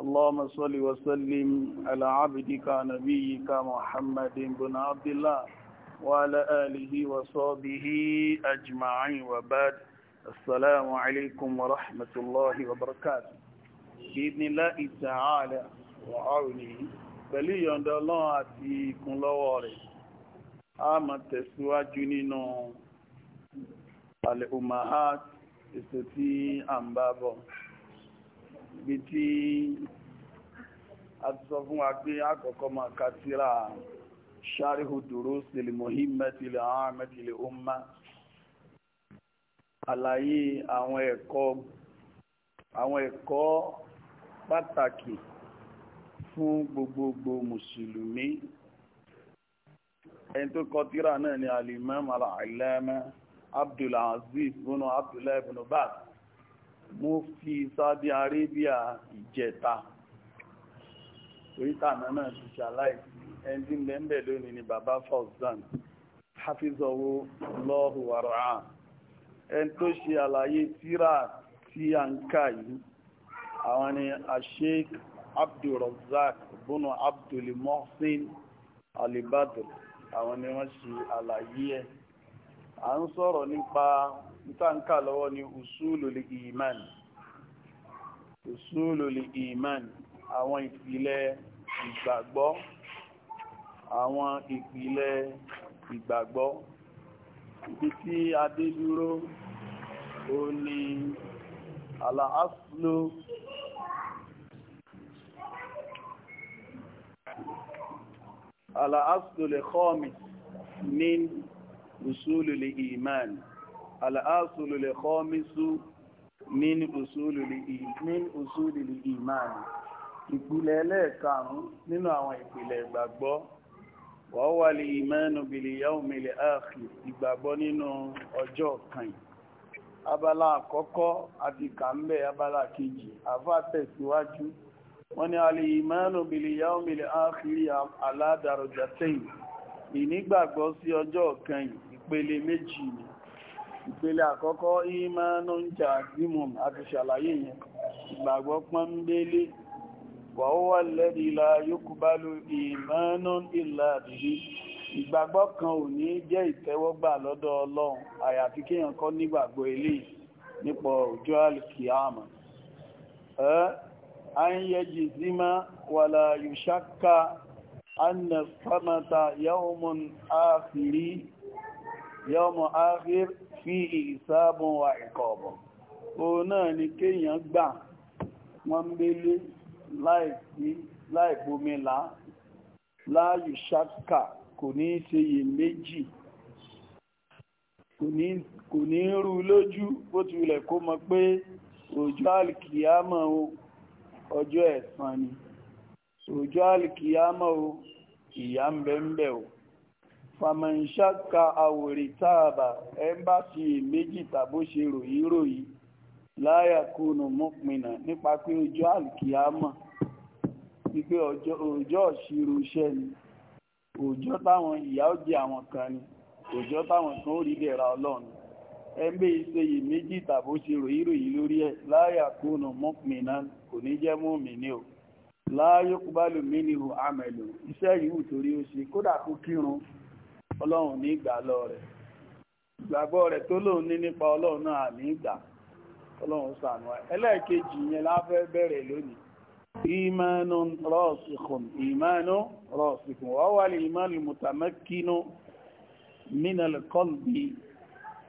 اللهم صل وسلم على عبدك نبيك محمد بن عبد الله وعلى آله وصحبه أجمعين وبعد السلام عليكم ورحمة الله وبركاته بإذن الله تعالى وعوني بلي يوند الله أتي ìkún lọ́wọ́ أما تسوى جنين على امهات ستي umahat ibi tí a ti sọ fún wa pé àkọ́kọ́ máa ka tírà ṣáríhù dúró sílẹ̀ mohimmeti lè àwọn àmẹ́tìlẹ̀ umma àlàyé àwọn ẹ̀kọ́ àwọn ẹ̀kọ́ pàtàkì fún gbogbogbò mùsùlùmí ẹni tó kọ tírà náà ni alimam al abdulaziz bunu abdullahi bunu baz mufti Saudi Arabia ìjẹta oríta náà ti ṣàláìsí ẹni lẹ́m̀bẹ̀ lónìí ni bàbá Fauzan hafizowo lọ́hù wàrà ẹni tó ṣe àlàyé tíra tí a ń ká yìí àwọn ni Sheikh Abdulrazak bùnú Abdulmohsin Alibadr àwọn ni wọ́n ṣe àlàyé ẹ̀ à ń sọ̀rọ̀ nípa ìtànkà lọ́wọ́ ni usulul iman usulul iman àwọn ìpìlẹ̀ ìgbàgbọ́ àwọn ìpìlẹ̀ ìgbàgbọ́ ibi tí adé dúró ó ní aláàfúlò aláàfúlò lè kọ́ mi ní usulul iman al'asulu lè kọ́ mísú min usulili imani ìpìlẹ̀ ẹlẹ́ẹ̀karùn nínú àwọn ìpìlẹ̀ ìgbàgbọ́ wọ́n wà lè imanu bìlì yaumil akhir ìgbàgbọ́ nínú ọjọ́ kan abala àkọ́kọ́ àti kàmbẹ̀ abala kejì àfá tẹ̀síwájú wọ́n ní alì ìmánu bìlì yaumil akhiri aládàrọ̀jàtẹ́yìn ìnígbàgbọ́ sí ọjọ́ kan ìpele méjì ni ìpele àkọ́kọ́ ìmánú ń jà zimum àti ṣàlàyé yẹn ìgbàgbọ́ pọ́nbélé wà ó wà lẹ́dí ilá yókùbálò ìmánú ìlà àdìrí ìgbàgbọ́ kan ò ní jẹ́ ìtẹ́wọ́gbà lọ́dọ̀ ọlọ́run àyàfi kéèyàn kọ́ nígbàgbọ́ eléyìí nípa ọjọ́ alkiyama ayẹjì zima wàlá yùṣáká anna samata yawmun akhiri yawmun akhiri fi ìsáàbùn wa ìkọ̀ọ̀bọ̀ òun náà ni kéèyàn gbà wọ́n mélé láìbómìlá láàyù ṣáka kò ní ṣe yè méjì kò ní rú lójú bó ti wulẹ̀ kó mọ̀ pé ọjọ́ alìkìyàmọ̀ o ọjọ́ ẹ̀san ni ọjọ́ alìkìyàmọ̀ o ìyà ń bẹ ń bẹ o fàmọ̀ǹṣàkà àwòrì tààbà ẹ́mbàṣì méjì tàbó ṣe ròyìnròyìn láyàkúnù mọ́pinà nípa pé ọjọ́ àlùkìyámọ̀ wípé ọjọ́ ìṣirò iṣẹ́ ni ọjọ́ táwọn ìyà ó jẹ àwọn kan ni ọjọ́ táwọn kan ó rí dẹ̀ra ọlọ́run ẹgbẹ́ ìṣeyì méjì tàbó ṣe ròyìnròyìn lórí ẹ̀ láyàkúnù mọ́pinà kò ní jẹ́ mọ́mì ni o láyọ́kúbálùmí ni o àmẹ̀lò iṣẹ́ yìí wù torí ó ṣe kódà kó kírun ọlọ́run ní ìgbà lọ rẹ̀ ìgbàgbọ́ rẹ̀ tó lóun ní nípa ọlọ́run náà ní ìgbà ọlọ́run sànù ẹ̀ ẹlẹ́ẹ̀kejì yẹn láfẹ́ bẹ̀rẹ̀ lónìí ìmánu rọ̀ọ̀sìkùn ìmánu rọ̀ọ̀sìkùn ọwọ́lì ìmánu mùtàmẹ́kínú mínàlì kọ́lbì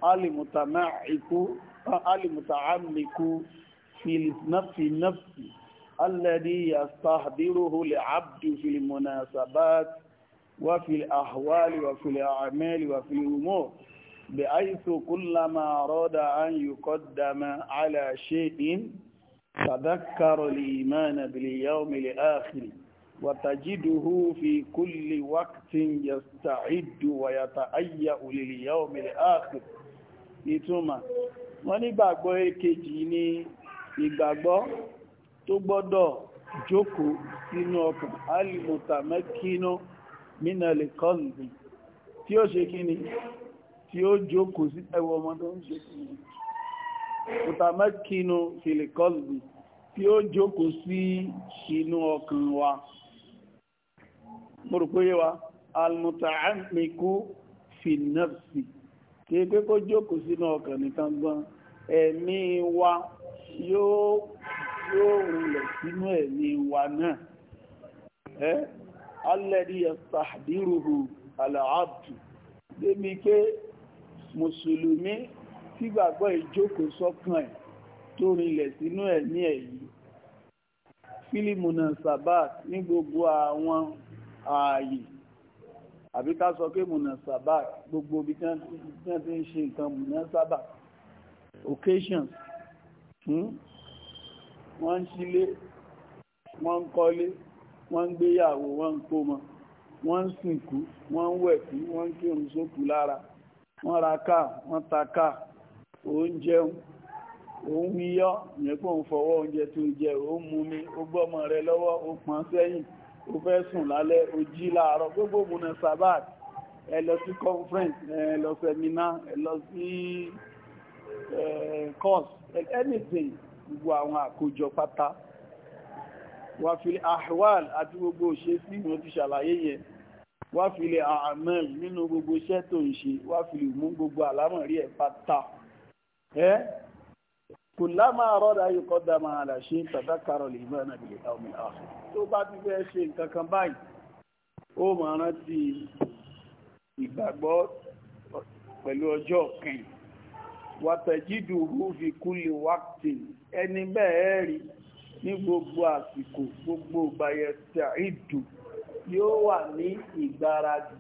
alìmùtàmẹ́kú fìlìsnáfì náfì alẹ́dí yastahdiruhu lè abdù fìlìmùnà sàbáàtì وفي الأحوال وفي الأعمال وفي الأمور بحيث كلما أراد أن يقدم على شيء تذكر الإيمان باليوم الآخر وتجده في كل وقت يستعد ويتأيأ لليوم الآخر ìtumọ̀ wọ́n nígbàgbọ́ èkejì ni ìgbàgbọ́ tó gbọ́dọ̀ jókòó sínú ọkàn alìmọ̀tàmẹ́kínú mínàlè kọlùbì tí ó ṣe kí ni tí ó jókòó sí ẹwọ ọmọ tó ń ṣe kí ni òtàmẹ́kínú fìlè kọlùbì tí ó jókòó sí inú ọkàn wa mo rò pé yé wa almutaamiku finafsi kí pé kó jókòó sínú ọkàn nìkan gbọ́n ẹ̀mí wa yóò yóò sínú ẹ̀mí wa náà alẹ́rí ẹ̀sàdírùhù aláàbù débi pé mùsùlùmí tí gbàgbọ́ ìjókòó sọ́kàn ẹ̀ tó rinlẹ̀ sínú ẹ̀mí ẹ̀ yìí fílìmù náà sabat ní gbogbo àwọn ààyè àbí ká sọ pé mùnà sabat gbogbo ibi tí wọ́n ti ń ṣe nǹkan mùnà sabat occasions hmm? wọ́n ń ṣílé wọ́n ń kọ́lé wọ́n ń gbéyàwó wọ́n ń kómọ wọ́n ń sìnkú wọ́n ń wẹ̀kú wọ́n ń kírun sókú lára wọ́n ra káà wọ́n ta káà òun jẹun òun wíyọ́ ìyẹn pé òun fọwọ́ oúnjẹ tó jẹ òun mú mi ó gbọ́mọ rẹ lọ́wọ́ ó pọn sẹ́yìn ó fẹ́ sùn lálẹ́ ó jí láàárọ̀ gbogbo òmùnà sabat ẹ lọ sí conference ẹ lọ seminar ẹ lọ sí course anything gbogbo àwọn àkójọ pátá wàfílẹ̀ ahwal àti gbogbo òṣè sí ìwọ̀n ti ṣàlàyé yẹn wàfílẹ̀ amal nínú gbogbo iṣẹ́ tó ń ṣe wàfílẹ̀ mú gbogbo àlámọ̀rí ẹ̀ pátá ẹ́ kò lámà rọ́dà yìí kọ́ dá máa là ṣe ń tàbá karọ̀ lè mọ́ ẹ̀nà ìlẹ̀ ọmọ ìhàfẹ́ tó bá ti fẹ́ ṣe nǹkan kan báyìí ó máa rántí ìgbàgbọ́ pẹ̀lú ọjọ́ kẹ́yìn wàtẹ̀jídùú fi kúlì wákìtì ẹni bẹ́ẹ̀ rí ní gbogbo àsìkò gbogbo ìgbàyẹ̀sẹ̀ ìdù yóò wà ní ìgbáradì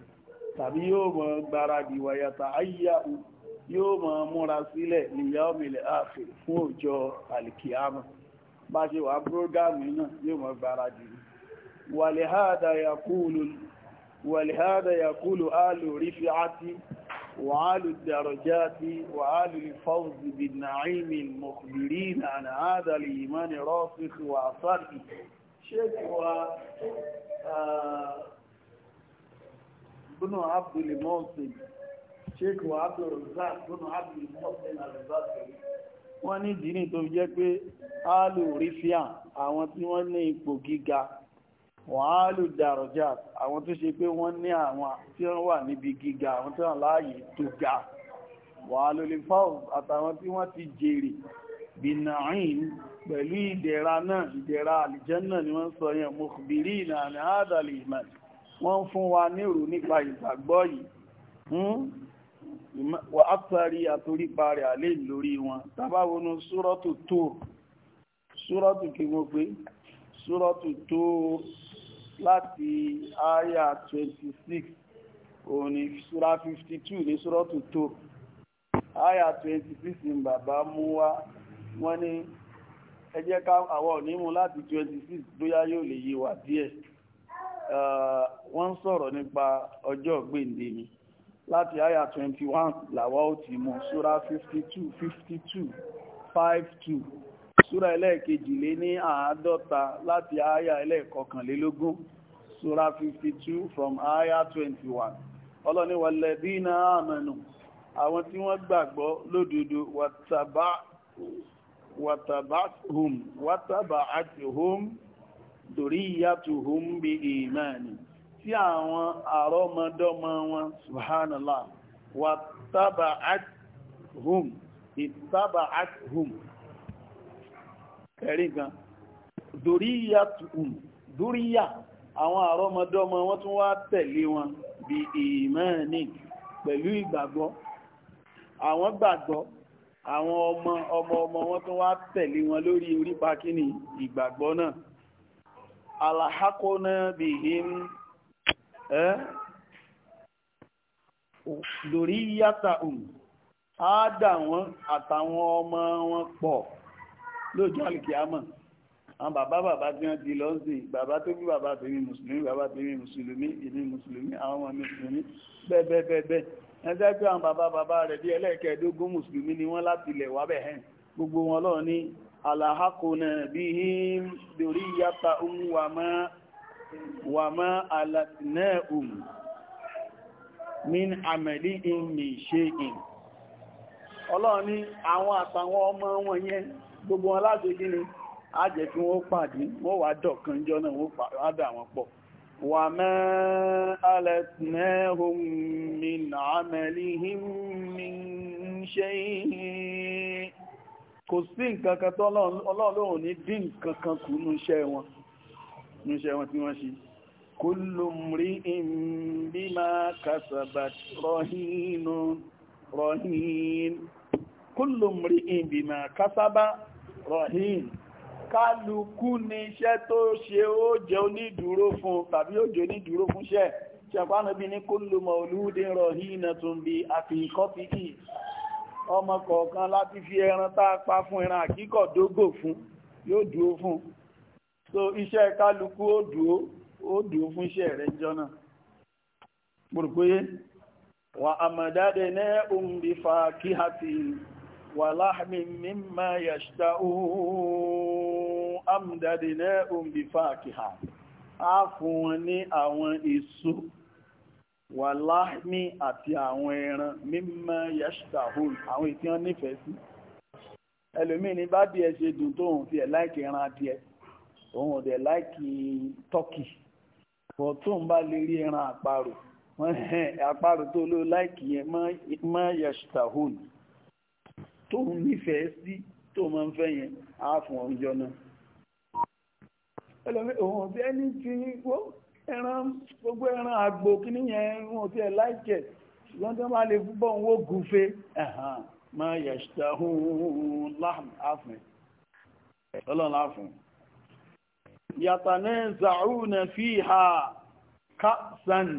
tàbí yóò mọ̀ gbáradì wàyàtà ayyáhù yóò mọ̀ múra sílẹ̀ ìyá òmìnlẹ̀ ààfẹ́ fún ọjọ́ alìkìyàmà bá ṣe wà búrógámì náà yóò mọ̀ gbáradì wàlìháàdà yakúlù alù rífíàtì وعالوا الدرجات وعالوا الفوز بالنعيم المخبرين عن هذا الإيمان راسخ وعصاره شكوى بن عبد الموسم شكوى عبد الرزاق بن عبد الموسم الرزاقي wọ́n ní dínì tó jẹ́ pé áàlù rífíà àwọn tí wàhálù dàrọ̀já àwọn tó ṣe pé wọ́n ní àwọn tí wọ́n wà níbi gíga àwọn tó wà láàyè tó ga wàhálù lè fáwọn àtàwọn tí wọ́n ti jèrè bìnàín pẹ̀lú ìdẹ̀ra náà ìdẹ̀ra àlìjẹ́nà ni wọ́n sọ yẹn mọ̀kùbìrí ìlànà àádàlì ìmọ̀ láti àyà 26 òní ṣúra 52 ní ṣúra tó tó àyà 26 ní bàbá mú wá wọ́n ní ẹ jẹ́ ká àwọn onímú láti 26 bóyá yóò lè yí wà díẹ̀ ah, wọ́n sọ̀rọ̀ nípa ọjọ́ gbèǹde ni láti àyà 21 làwa ó ti mú ṣúra 52 52 52 súra ẹlẹ́ẹ̀kejì lé ní àádọ́ta láti àyà ẹlẹ́ẹ̀kọkànlélógún súra 52 from àyà 21 ọlọ́ni walladhina amanu àwọn tí wọ́n gbàgbọ́ lódodo wàtàbáhùm wàtàbáhùm duriyatuhum bí ìmáàni tí àwọn àrọ́mọdọ́mọ wọn subhanallah wàtàbáhùm ìtàbáhùm ẹ̀rí gan dòríyà tùm dúríyà àwọn àrọ́mọdọ́mọ wọ́n tún wá tẹ̀lé wọn bí ìmánì pẹ̀lú ìgbàgbọ́ àwọn gbàgbọ́ àwọn ọmọ ọmọ ọmọ wọn tún wá tẹ̀lé wọn lórí orípa kíni ìgbàgbọ́ náà alahakona bihim ẹ́ lórí yàtà um á dà wọn àtàwọn ọmọ wọn pọ̀ lóòjọ́ alìkìámọ̀ àwọn bàbá bàbá tí wọ́n di lọ́sìn bàbá tó bí bàbá tèmi mùsùlùmí bàbá tèmi mùsùlùmí èmi mùsùlùmí àwọn ọmọ mi mùsùlùmí bẹ́ẹ̀ bẹ́ẹ̀ bẹ́ẹ̀ bẹ́ẹ̀ ẹgbẹ́ pé àwọn bàbá bàbá rẹ̀ bí ẹlẹ́ẹ̀kẹ́ẹ̀dógún mùsùlùmí ni wọ́n láti ilẹ̀ wá bẹ̀ hẹ́n gbogbo wọn lọ́ọ̀ ní alahakuna bihim duriyata um wama wama alatnahum min amali in mi ṣe in ọlọ́ọ̀ àwọn àtàwọn ọmọ wọn yẹn gbogbo wọn láti kí ni kí wọ́n pàdé wọ́n wà dọ̀kan jọ náà wọ́n pàdé àwọn pọ̀ wà mẹ́ alẹ́tìnẹ́hùn min amalihim min shay'in kò sí nǹkan kan tó ní dín nǹkan kan kù iṣẹ́ wọn tí wọ́n ṣe rahim kálukú ni iṣẹ́ tó ṣe ó jẹ́ onídúró fún tàbí ó jẹ́ onídúró fún iṣẹ́ ṣẹ̀pánàbí ní kullu mawludin rahinatun bi aqiqatihi ọmọ kọ̀ọ̀kan láti fi ẹran tá a pa fún ẹran àkíkọ̀ dógò fún yóò dúró fún so iṣẹ́ kálukú ó dúró ó dúró fún iṣẹ́ rẹ̀ jọ́nà mùrùgbóyé wà àmàdáde ní fa kihati. ولحم مما يشتهون أمددناهم بفاكهة àfúnni àwọn èso wàláhìmí àti àwọn ẹran mímọ́ yẹ́ṣtàhùn àwọn ìtí wọ́n nífẹ̀ẹ́ sí ẹlòmí ní bá díẹ̀ ṣe dùn tó òun ti ẹ̀ láìkì ẹran adìẹ òun dẹ̀ láìkì tọ́kì bọ̀ tó ń bá lè rí ẹran àparò àparò tó ló láìkì yẹn mọ́ yẹ́ṣtàhùn tó ń nífẹ̀ẹ́ sí tó máa ń fẹ́ yẹn á fún oúnjẹ náà ẹlòmí òun ọ̀bí ẹni tí wó ẹran gbogbo ẹran àgbò kíní yẹn wọn ti ẹ̀ láìkẹ̀ ṣùgbọ́n tó máa lè fúbọ̀ ń wó gúfe ẹ̀hàn máa yẹ̀ṣẹ̀ ohun láàfin ọlọ́run láàfin yàtà náà zàrúnà fíhà kásánì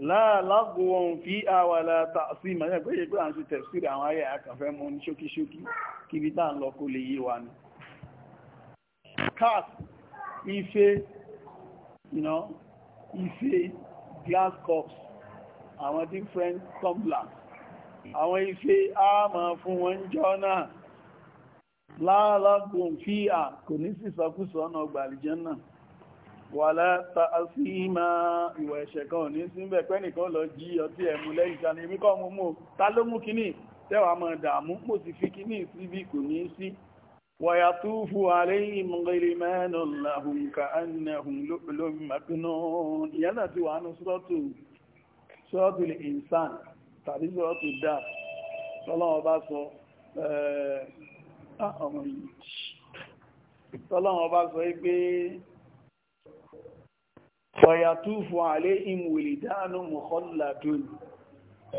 láàlágbòhun fi àwàlá tààsí ìmọ̀lẹ́ pé yẹ pé à ń ṣe tẹ̀síri àwọn ayé àkànfẹ́ mú ní ṣókíṣókí kí bí tá ń lọ kó lè yé wa ni cast ife you know, ife glass cups àwọn different tumblers àwọn ife àmọ́ fún wọn jọ náà láàlágbòhun fi à kò ní sí sọkúsọ ọ̀nà ọgbà náà wàlá ta ìwà ẹ̀ṣẹ̀ kan ní síbẹ̀ pẹ́nìkan lọ jí ọtí ẹ̀mú lẹ́yìn ìṣàní èmi mú mú ta ló mú kíní tẹ́wà mọ̀ dààmú mo sì fi kíní síbí kò ní sí wàyà tó fu àlẹ́yìn mọ̀gẹ́lẹ́ mẹ́nu làhùn ká ẹnìyàn lóbi màkínú ìyẹn náà ti wà nù sọ́tù sọ́tù lè ìnsàn tàbí sọ́tù dà tọ́lọ́wọ́ bá sọ ẹ̀ẹ́ eh, ah, ọmọ yìí fayatufu alayhim wìlìdánù mukhalladun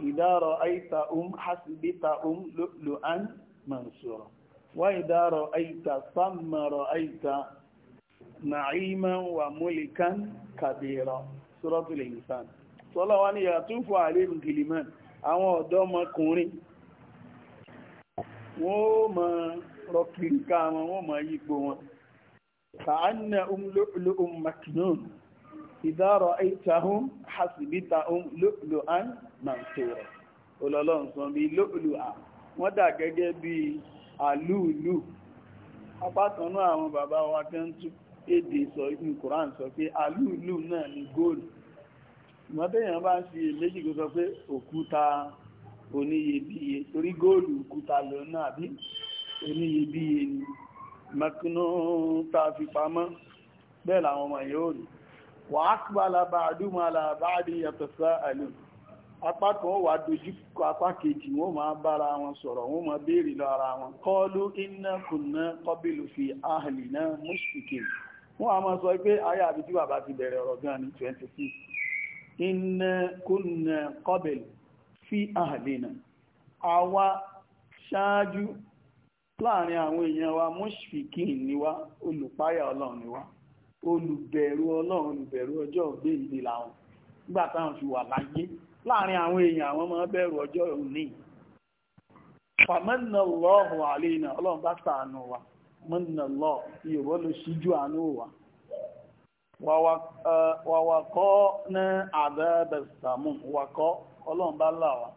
idha ra'aytahum hasibtahum lu'lu'an mansura wa idha ra'ayta thamma ra'ayta na'iman wa mulkan kabira suratul insan sọ́lọ́ wá ní yàtúfù alayhim giliman àwọn ọ̀dọ́mọkùnrin wọ́n ó mọ̀ rọ̀kìríkà wọn wọ́n mọ̀ yípo wọn kàánà umlùlù maknun ìdárọ̀ ẹ̀tàhún hasibítàhún lóòlùán mansura olọ́lọ́run sọ bí lóòlùán wọ́n dà gẹ́gẹ́ bí àlúùlù apákanú àwọn bàbá wa kan tún èdè sọ ní koran sọ pé àlúùlù náà ni góòlù ìwọ́n tẹ́yàn bá ń fi èléjì kó sọ pé òkúta oníyebíye torí góòlù òkúta lọ náà bí oníyebíye ni mẹ́kúnnú tá a fi pamọ́ bẹ́ẹ̀ làwọn ọmọ yóò rí wà ákùbàlà bá àdúmọ̀là bá àdí yàtọ̀ sá àlè apá kan wà dojú kọ apá kejì wọ́n máa bára wọn sọ̀rọ̀ wọ́n máa béèrè lọ ara wọn kọlu iná kùnà kọbílù fi ahàlì náà mùsùlùkì wọ́n a máa sọ pé ayé àbí bàbá ti bẹ̀rẹ̀ ọ̀rọ̀ gan ní 26 iná kùnà kọbílù fi ahàlì náà àwa ṣáájú láàrin àwọn èèyàn wa mùsùlùkì ni wá olùpáyà ọlọ́run ni wá olùbẹ̀rù ọlọ́run olùbẹ̀rù ọjọ́ gbèǹde làwọn nígbà fi wà láyé láàrin àwọn èèyàn àwọn máa bẹ̀rù ọjọ́ òní fàmẹ́nà lọ́ọ̀hùn àlẹ́nà ọlọ́run bá ṣàánú wa mẹ́nà yorùbá ló ṣíjú àánú wa wàwàkọ́ ní àbẹ́bẹ̀ sàmù wàkọ́ ọlọ́run bá là wá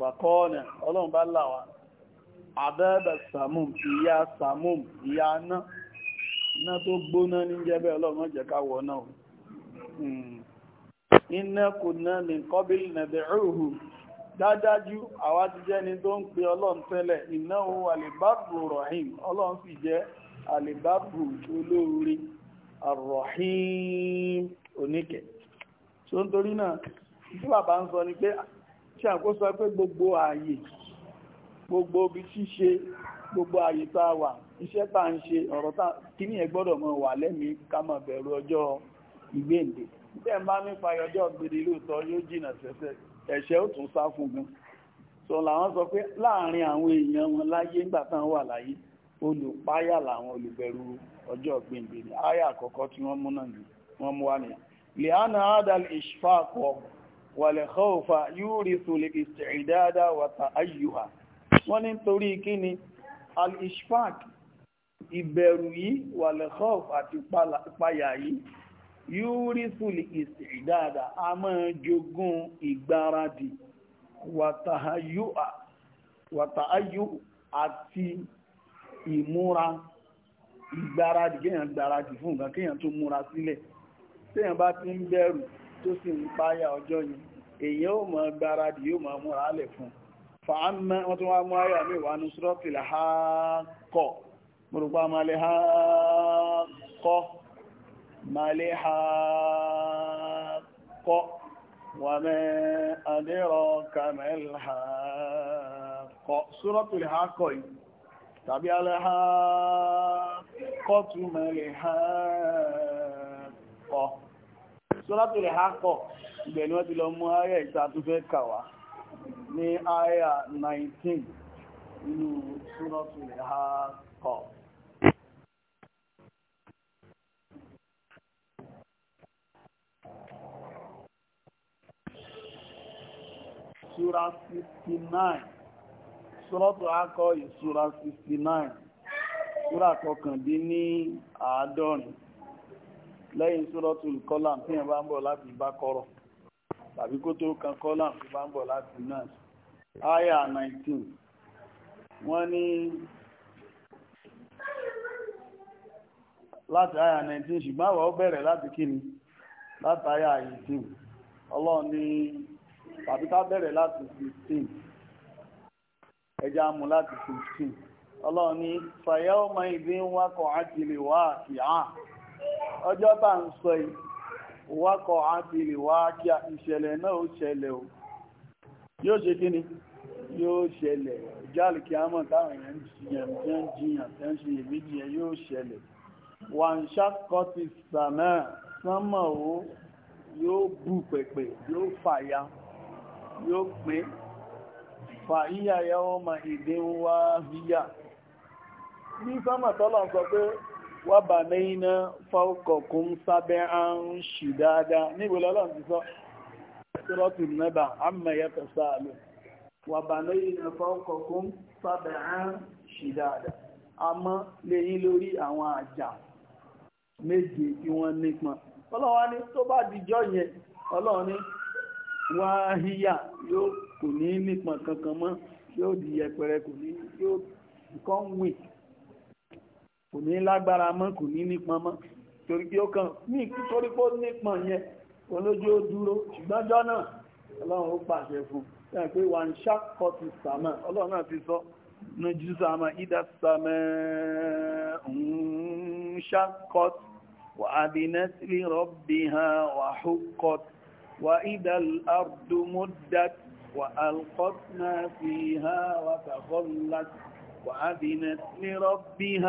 wàkọ́ ní ọlọ́run bá là wá àbẹ́bẹ̀ sàmù iná tó gbóná ní jẹ́bẹ́ ọlọ́run jẹ́ ká wọ náà iná kò náà ní kọ́bílì nẹ̀bẹ̀ òhù dájájú àwa ti jẹ́ ni tó ń pe ọlọ́run tẹ́lẹ̀ iná ohun àlèbábù rahim ọlọ́run fi jẹ́ àlèbábù olóore àrọ̀hìm oníkẹ̀ tó ń torí náà tí bàbá ń ni pé àkóso pé gbogbo ààyè gbogbo ibi ṣíṣe gbogbo àyè tá a wà iṣẹ́ tá ń ṣe ọ̀rọ̀ tá kíní ẹ gbọ́dọ̀ mọ̀ wà lẹ́mí ká má bẹ̀rù ọjọ́ ìgbéǹde bẹ́ẹ̀ bá ní fayọjọ́ gbèrè lóòótọ́ yóò jìnà sẹ́sẹ́ ẹ̀ṣẹ̀ ó tún sá fún gan sọ làwọn sọ pé láàrin àwọn èèyàn wọn láyé ńgbà táwọn wà láyé olùpáyà làwọn olùbẹ̀rù ọjọ́ gbèǹde ní àyà àkọ́kọ́ tí wọ́n mú náà ní wọ́n mú wá nìyẹn liana adal ishfaq wal khawfa yurithu istidada wa ta'ayyuha wọ́n ní torí kíni al-ishfaq ìbẹ̀rù yìí wà lẹ́kọ́f àti ìpayà yìí yóò rí fúlì ìsìdáadà a máa jogún ìgbáradì wàtàáyù àti ìmúra ìgbáradì kéèyàn gbáradì fún nǹkan kéèyàn tó múra sílẹ̀ téèyàn bá ti ń bẹ̀rù tó sì ń páyà ọjọ́ yìí èèyàn ó máa gbáradì yóò máa múra lẹ̀ fún fàámà wọ́n tún wá mú ayà mi wà ní sọ́tìlá ha kọ́ mọ̀rùpá malẹ̀ ha kọ́ malẹ̀ ha kọ́ wà mẹ́ àdẹ́rọ kamel ha kọ́ sọ́tìlá ha kọ́ yìí tàbí alẹ́ ha kọ́ tún malẹ̀ ha kọ́ sọ́tìlá wọ́n ti lọ mú ayà ìta tó fẹ́ kàwàá ní àyà 19 nínú súnọ́tù ìhà kọ̀. Súra 69, súnọ́tù akọ́ ìsúra 69, súra kọkàndín ní àádọ́rin lẹ́yìn súrọ́tù kọ́làm tí ẹ̀ bá ń bọ̀ láti bá kọ́rọ̀ tàbí kó tó kan kọ́làm tí bá ń bọ̀ láti náà aya 19 wọ́n ní láti aya 19 ṣùgbọ́n àwọn bẹ̀rẹ̀ láti kíni láti aya 18 ọlọ́run ni tàbí ká bẹ̀rẹ̀ láti 15 ẹja mú láti 15 ọlọ́run ni fàyẹ́ ọmọ ìdí ń wákọ̀ àti lè wá àti àà ọjọ́ bá ń sọ ìwákọ̀ àti lè wá kí ìṣẹ̀lẹ̀ náà ṣẹlẹ̀ o. yóò ṣe kí ni yóò ṣẹlẹ̀ jáàlì kí a mọ̀ táwọn èèyàn jiyàn tí ó ń jiyàn tí ó ń ṣe èméjì yẹn yóò ṣẹlẹ̀ wà ń ṣàkọ́tì sàmà sánmà ó yóò bù pẹ̀pẹ̀ yóò ma èdè wá yíyà ní sánmà tọ́lọ̀ sọ pé wà bà náà fáwọkọ̀kún sábẹ́ à ṣì dáadáa níbo lọ́lọ́ ti sọ سورة النبع عما يتساءلون وبنينا فوقكم سبعا شدادا a lé yín lórí àwọn àjà méje tí wọ́n nípọn ọlọ́wọ́ ní tó bá dìjọ́ yẹn ọlọ́wọ́ wáhíyà yóò kò ní kankan di olójú ó dúró ṣùgbọ́n jọ́nà ọlọ́run ó pàṣẹ fún ẹ̀ pé wà ń ṣàkọ́ ti sàmà ọlọ́run náà ti sọ nùjú sàmà ìdá sàmà ń ṣàkọ́ wà àbínẹ́sìlì rọ́bì hàn wà hókọ́t wà ìdá wà alkọ́tnà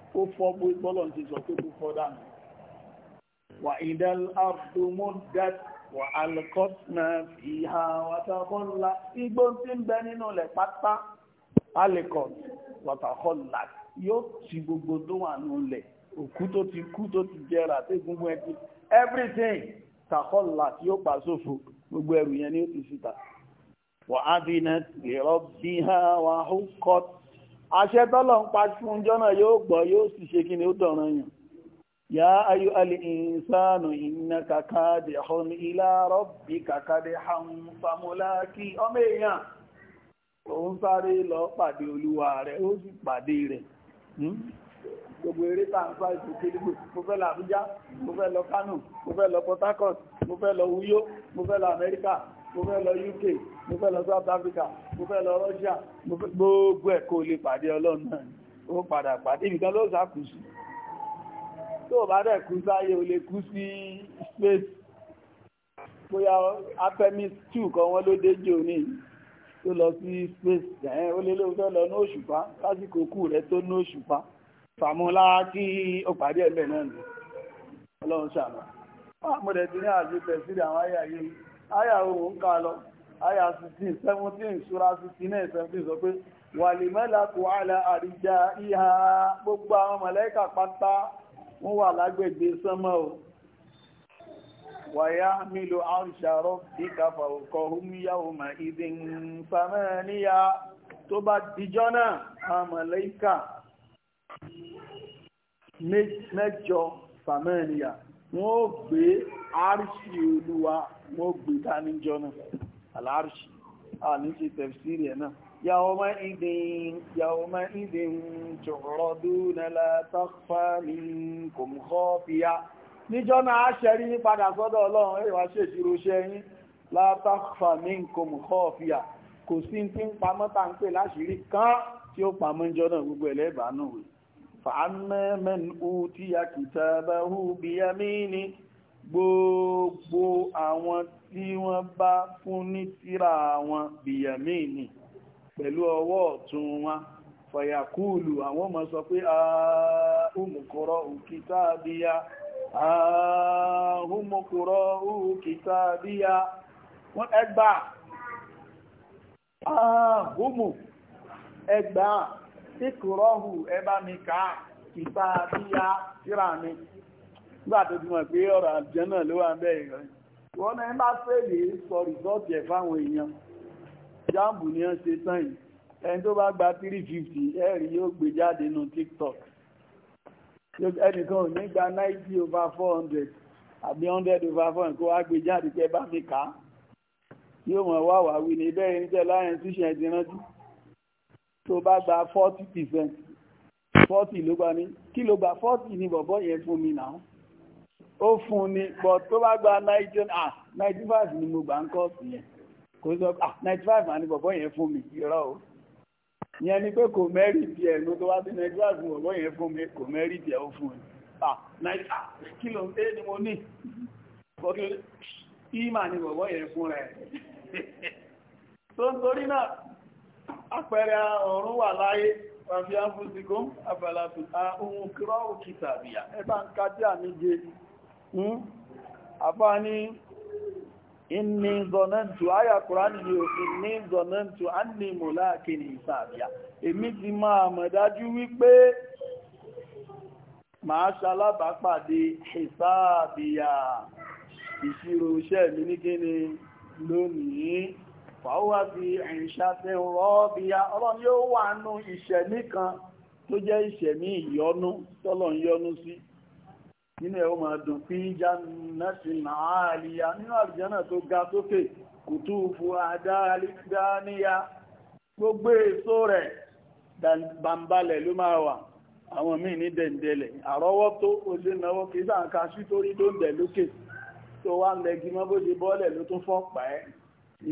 ó fọ́ bọ́lọ̀ ti sọ pé kó fọ́ dànù wà ìdẹ́l àbdùmúdẹ́t wà alkọ́tnà ìhà wàtàkọ́lá igbó tí ń bẹ nínú ilẹ̀ pátá alikọ́t wàtàkọ́lá yóò ti gbogbo tó wà nínú ilẹ̀ òkú tó ti kú tó ti jẹrà tó gbogbo ẹtí everything tàkọ́lá tí pa sófo gbogbo ẹrù yẹn ni ó ti síta wà á dínà lè rọ́ bí hàn wà ó kọ́tù àṣẹ tọ́lọ̀ ń pa fún jọ́nà yóò gbọ́ yóò sì ṣe kí ni ó dọ̀ràn yàn yá ayú alìsánù iná kàkà dẹ̀ hàn ilá rọ́bì kàkà dẹ̀ hàn fàmúlá kí ọmọ èèyàn òun sáré lọ pàdé olúwa rẹ̀ ó sì pàdé rẹ̀ hmm? gbogbo eré tá ń mo fẹ́ lọ mo fẹ́ lọ mo fẹ́ Port Harcourt mo fẹ́ lọ Uyo mo fẹ́ lọ mo fẹ́ lọ UK mo fẹ́ lọ South Africa mo fẹ́ lọ Russia mo fẹ́ gbogbo ẹ̀ kó lè pàdé ọlọ́run náà ó padà pàdé ibìkan ló sá kù tó o bá dẹ̀ kú sáyé o lè kú sí space bóyá Artemis 2 kan wọ́n ló dé jò ní tó lọ sí space ẹ̀hẹ́n ó lé lóun fẹ́ lọ ní òṣùpá lásìkò kù rẹ tó ní òṣùpá fàmúlá kí ó pàdé ẹ̀mẹ́ náà ni ọlọ́run ṣàmà. wọ́n á mọ̀lẹ́tì ní àjẹpẹ̀ sílẹ̀ àwọn ayé ayé yìí. aya òun ka lọ 16 17 ṣúra 16 17 sọ pe. wà lè mẹ́lá kò gbogbo àwọn mọ̀lẹ́kà pátá wọ́n wà lágbègbè sánmọ́ o wàyá mílò àrùsàrọ̀ ìkàfà òkọ̀ ma mà ìdí to ba bá dijọ́ náà àwọn mọ̀lẹ́kà wọ́n gbé dání jọ náà aláàrùsì àní ṣe tẹ̀fsìrì ẹ̀ náà yàwọ́mọ́ ìdín yàwọ́mọ́ ìdín jọ̀rọ̀ dúnà látọ́fà ní kò mú kọ́ fìyà níjọ́ náà ṣẹ́rí padà sọ́dọ̀ ọlọ́run ẹ̀wà ṣèṣirò ṣẹ́yìn látọ́fà ní kò mú kọ́ fìyà kò sí tí ń pamọ́ tá gbogbo àwọn tí wọ́n bá fún ní tírà wọn bìyàmínì pẹ̀lú ọwọ́ ọ̀tún wọn fàyàkúùlù àwọn ọmọ sọ pé ààhùnmùkọ́rọ̀ òkìtà àbíyá ààhùnmùkọ́rọ̀ òkìtà àbíyá wọ́n ẹgbà ààhùnmù ẹgbà ìkùrọ̀hù ẹbá mi ká kìtà àbíyá tíra mi nígbà tó ti mọ̀ pé ọ̀rọ̀ àjẹ́ náà ló wà ń bẹ́ẹ̀ rẹ̀ wọ́n náà bá fèlè sọ rìsọ́ọ̀tì ẹ̀ fáwọn èèyàn jáàmù ni wọ́n ṣe tán yìí ẹni tó bá gba three fifty ẹ̀rí yóò gbé jáde nínú tiktok ẹnìkan ò ní gba ninety over 400 hundred àbí hundred over four kó wá gbé jáde pé bá mi kà á yóò mọ̀ wá wà wí ní bẹ́ẹ̀ ní tẹ́ láyẹn túṣẹ̀ ẹ̀ ti rántí tó bá gba forty percent forty ló gba ní kí ló gba forty ní bọ̀bọ́ yẹn fún mi náà ó fún but pọ̀ tó bá gba ah, ni mo gbà ń yẹn kò sọ 95 ah, bọ̀bọ̀ yẹn fún mi irọ́ o yẹn ni pé kò mẹ́rì díẹ̀ mo tó wá sí ni bọ̀bọ̀ yẹn fún mi kò mẹ́rì díẹ̀ ó fún mi ah, kí ló ń dé ni mo ní ni bọ̀bọ̀ yẹn fún rẹ̀ tó ń torí náà ọ̀run wà láyé ẹ bá ń àbá hmm? ní inni zonantu àyà kùránì ni ò inni zonantu anni èmi ti máa mọ̀ dájú wípé màá ṣalábàápàdé ìsàbíà ìṣirò iṣẹ́ mi ní kíni lónìí fàáwà ẹ̀ṣà yóò wà ìṣẹ̀mí kan tó jẹ́ ìṣẹ̀mí ìyọnú tọ́lọ̀ ń yọnú sí nínú ẹ̀ ó máa dùn fi jannatin àlìyà nínú àlùjánà tó ga sókè kùtùfù àdáníyà gbogbo èso rẹ̀ bàǹbalẹ̀ ló máa wà àwọn míì ní dẹ̀ndẹ̀lẹ̀ àrọ́wọ́ tó olè náwó kìí sáà ká sí torí tó ń dẹ̀ lókè tó wá lẹ́gi mọ́ bó ṣe bọ́ọ̀lẹ̀ ló tún fọ́ pa ẹ́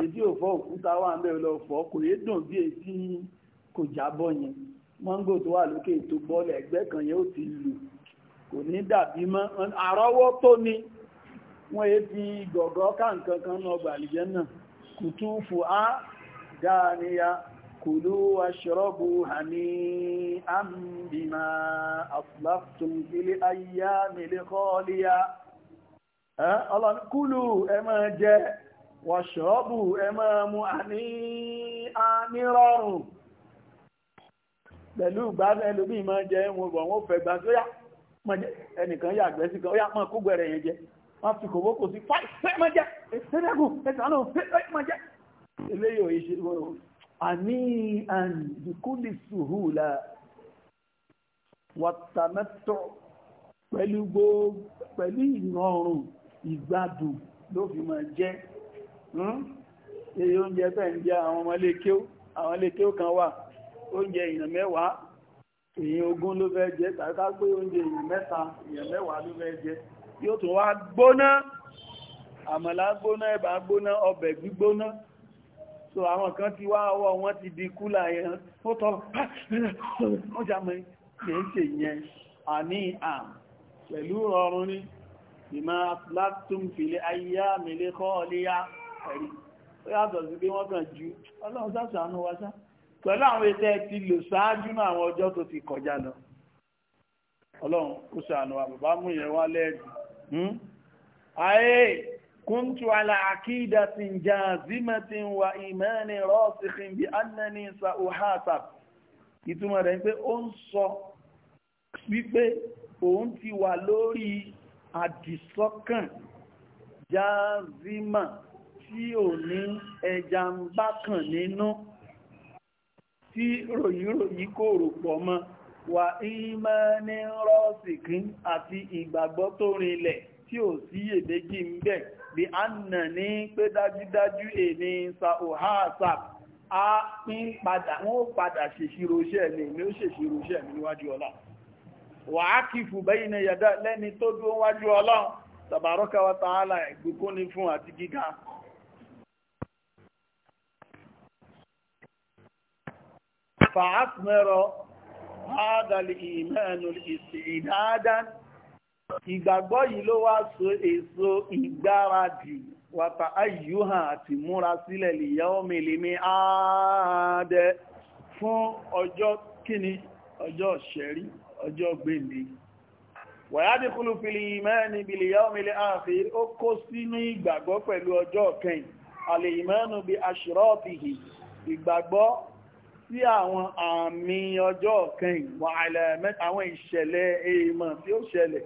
èdè òfò òkúta wà ń bẹ̀rẹ̀ lọ fọ́ kò yé dùn bí èsì kò jábọ́ yẹn mọ́ngò tó wà lókè tó bọ́ọ̀lẹ̀ ẹgbẹ́ kan yẹn ó ti lù kò ní dàbí mọ́ àrọ́wọ́ tó ní wọ́n yé fi gọ̀gọ́ káǹkankan lọ gbàlìjẹ́ náà kùtùfù á dáníyà kùlú aṣọ́rọ́bù hàní àmìmá àfúláftún ilé ayá nílé kọ́ọ̀líyà kúlù ẹ máa jẹ ẹ máa mu àní pẹ̀lú ìgbà ẹlòmí máa jẹ wọn bọ̀ wọ́n ẹnìkan yàgbẹ́ sí kan ó yà pọ́n kó gbẹ̀rẹ̀ yẹn jẹ wọ́n fi kòwó kò sí fáì fẹ́ mọ́ jẹ́ ẹ̀sẹ̀rẹ́gùn ẹ̀sẹ̀rẹ́gùn ẹ̀sẹ̀rẹ́gùn mọ́ jẹ́ eléyò ìṣirò àní àdìkúlì sùhùlà wàtàmẹ́tọ̀ pẹ̀lú pẹ̀lú ìrọ̀rùn ìgbádùn ló fi máa jẹ́ hmm? èyí oúnjẹ tẹ́ ń jẹ àwọn ọmọ lékéó àwọn lékéó kan wà oúnjẹ ìyàn mẹ́wàá èyàn ogún ló fẹ́ jẹ tàbí pé oúnjẹ èyàn mẹ́ta èyàn mẹ́wàá ló fẹ́ jẹ yóò tún wá gbóná àmàlà gbóná ẹ̀bà gbóná ọbẹ̀ gbígbóná so àwọn kan ti wá ọwọ́ wọn ti di kúlà yẹn ó tọ́ wọ́n ah, já mọ́ kìí ṣe yẹn àní àm pẹ̀lú rọrùn ní ìmọ̀ látún fìlẹ̀ ayé àmìlẹ́kọ́ ọlẹ́yà ẹ̀rí ó yàtọ̀ sí pé wọ́n kàn ju ọlọ́run sáṣàánú wa sáà pẹ̀lú àwọn ètò ti lò ṣáájú náà àwọn ọjọ́ tó ti kọjá lọ ọlọ́run kó ṣàánú wa mú yẹn wá lẹ́ẹ̀dùn hmm? ayé kúntù ala àkídàtin jazimatin wa ìmẹ́ni rọ́ọ̀sìkín bí annani sa'uhata ìtumọ̀ rẹ̀ pé ó ń sọ wípé òun ti wà lórí àdìsọ́kàn jazima tí ò ní ẹja ń bákàn nínú no tí ròyìnròyìn kò rò pọ̀ mọ́ wà ìmọ̀ ní rọ́ọ̀sìkín àti ìgbàgbọ́ tó rinlẹ̀ tí ò sí èdèjì ń bẹ̀ bí a nà ní pé dájúdájú èmi sa'ohasa a pín padà wọ́n padà ṣèṣirò mi ni ó ṣèṣirò iṣẹ́ mi níwájú ọlá wà á kì fù bẹ́yìn yàdá lẹ́ni tó dúró wájú ọlọ́run tàbárọ́kà wa fún àti gíga فأثمر هذا الإيمان الاستعدادا ìgbàgbọ́ yìí lo wa so èso ìgbáradì wàtà ayyuhan àti ati mura lìyà omi lèmi àádẹ fún ọjọ́ kíni ọjọ́ ṣẹ̀rí ọjọ́ gbèndé wàyádì kúlù fìlì ìmẹ́ni bí lìyà sí àwọn àmì ọjọ́ kan ìwà àlàmẹ́ta àwọn ìṣẹ̀lẹ̀ èèmọ̀ tí ó ṣẹlẹ̀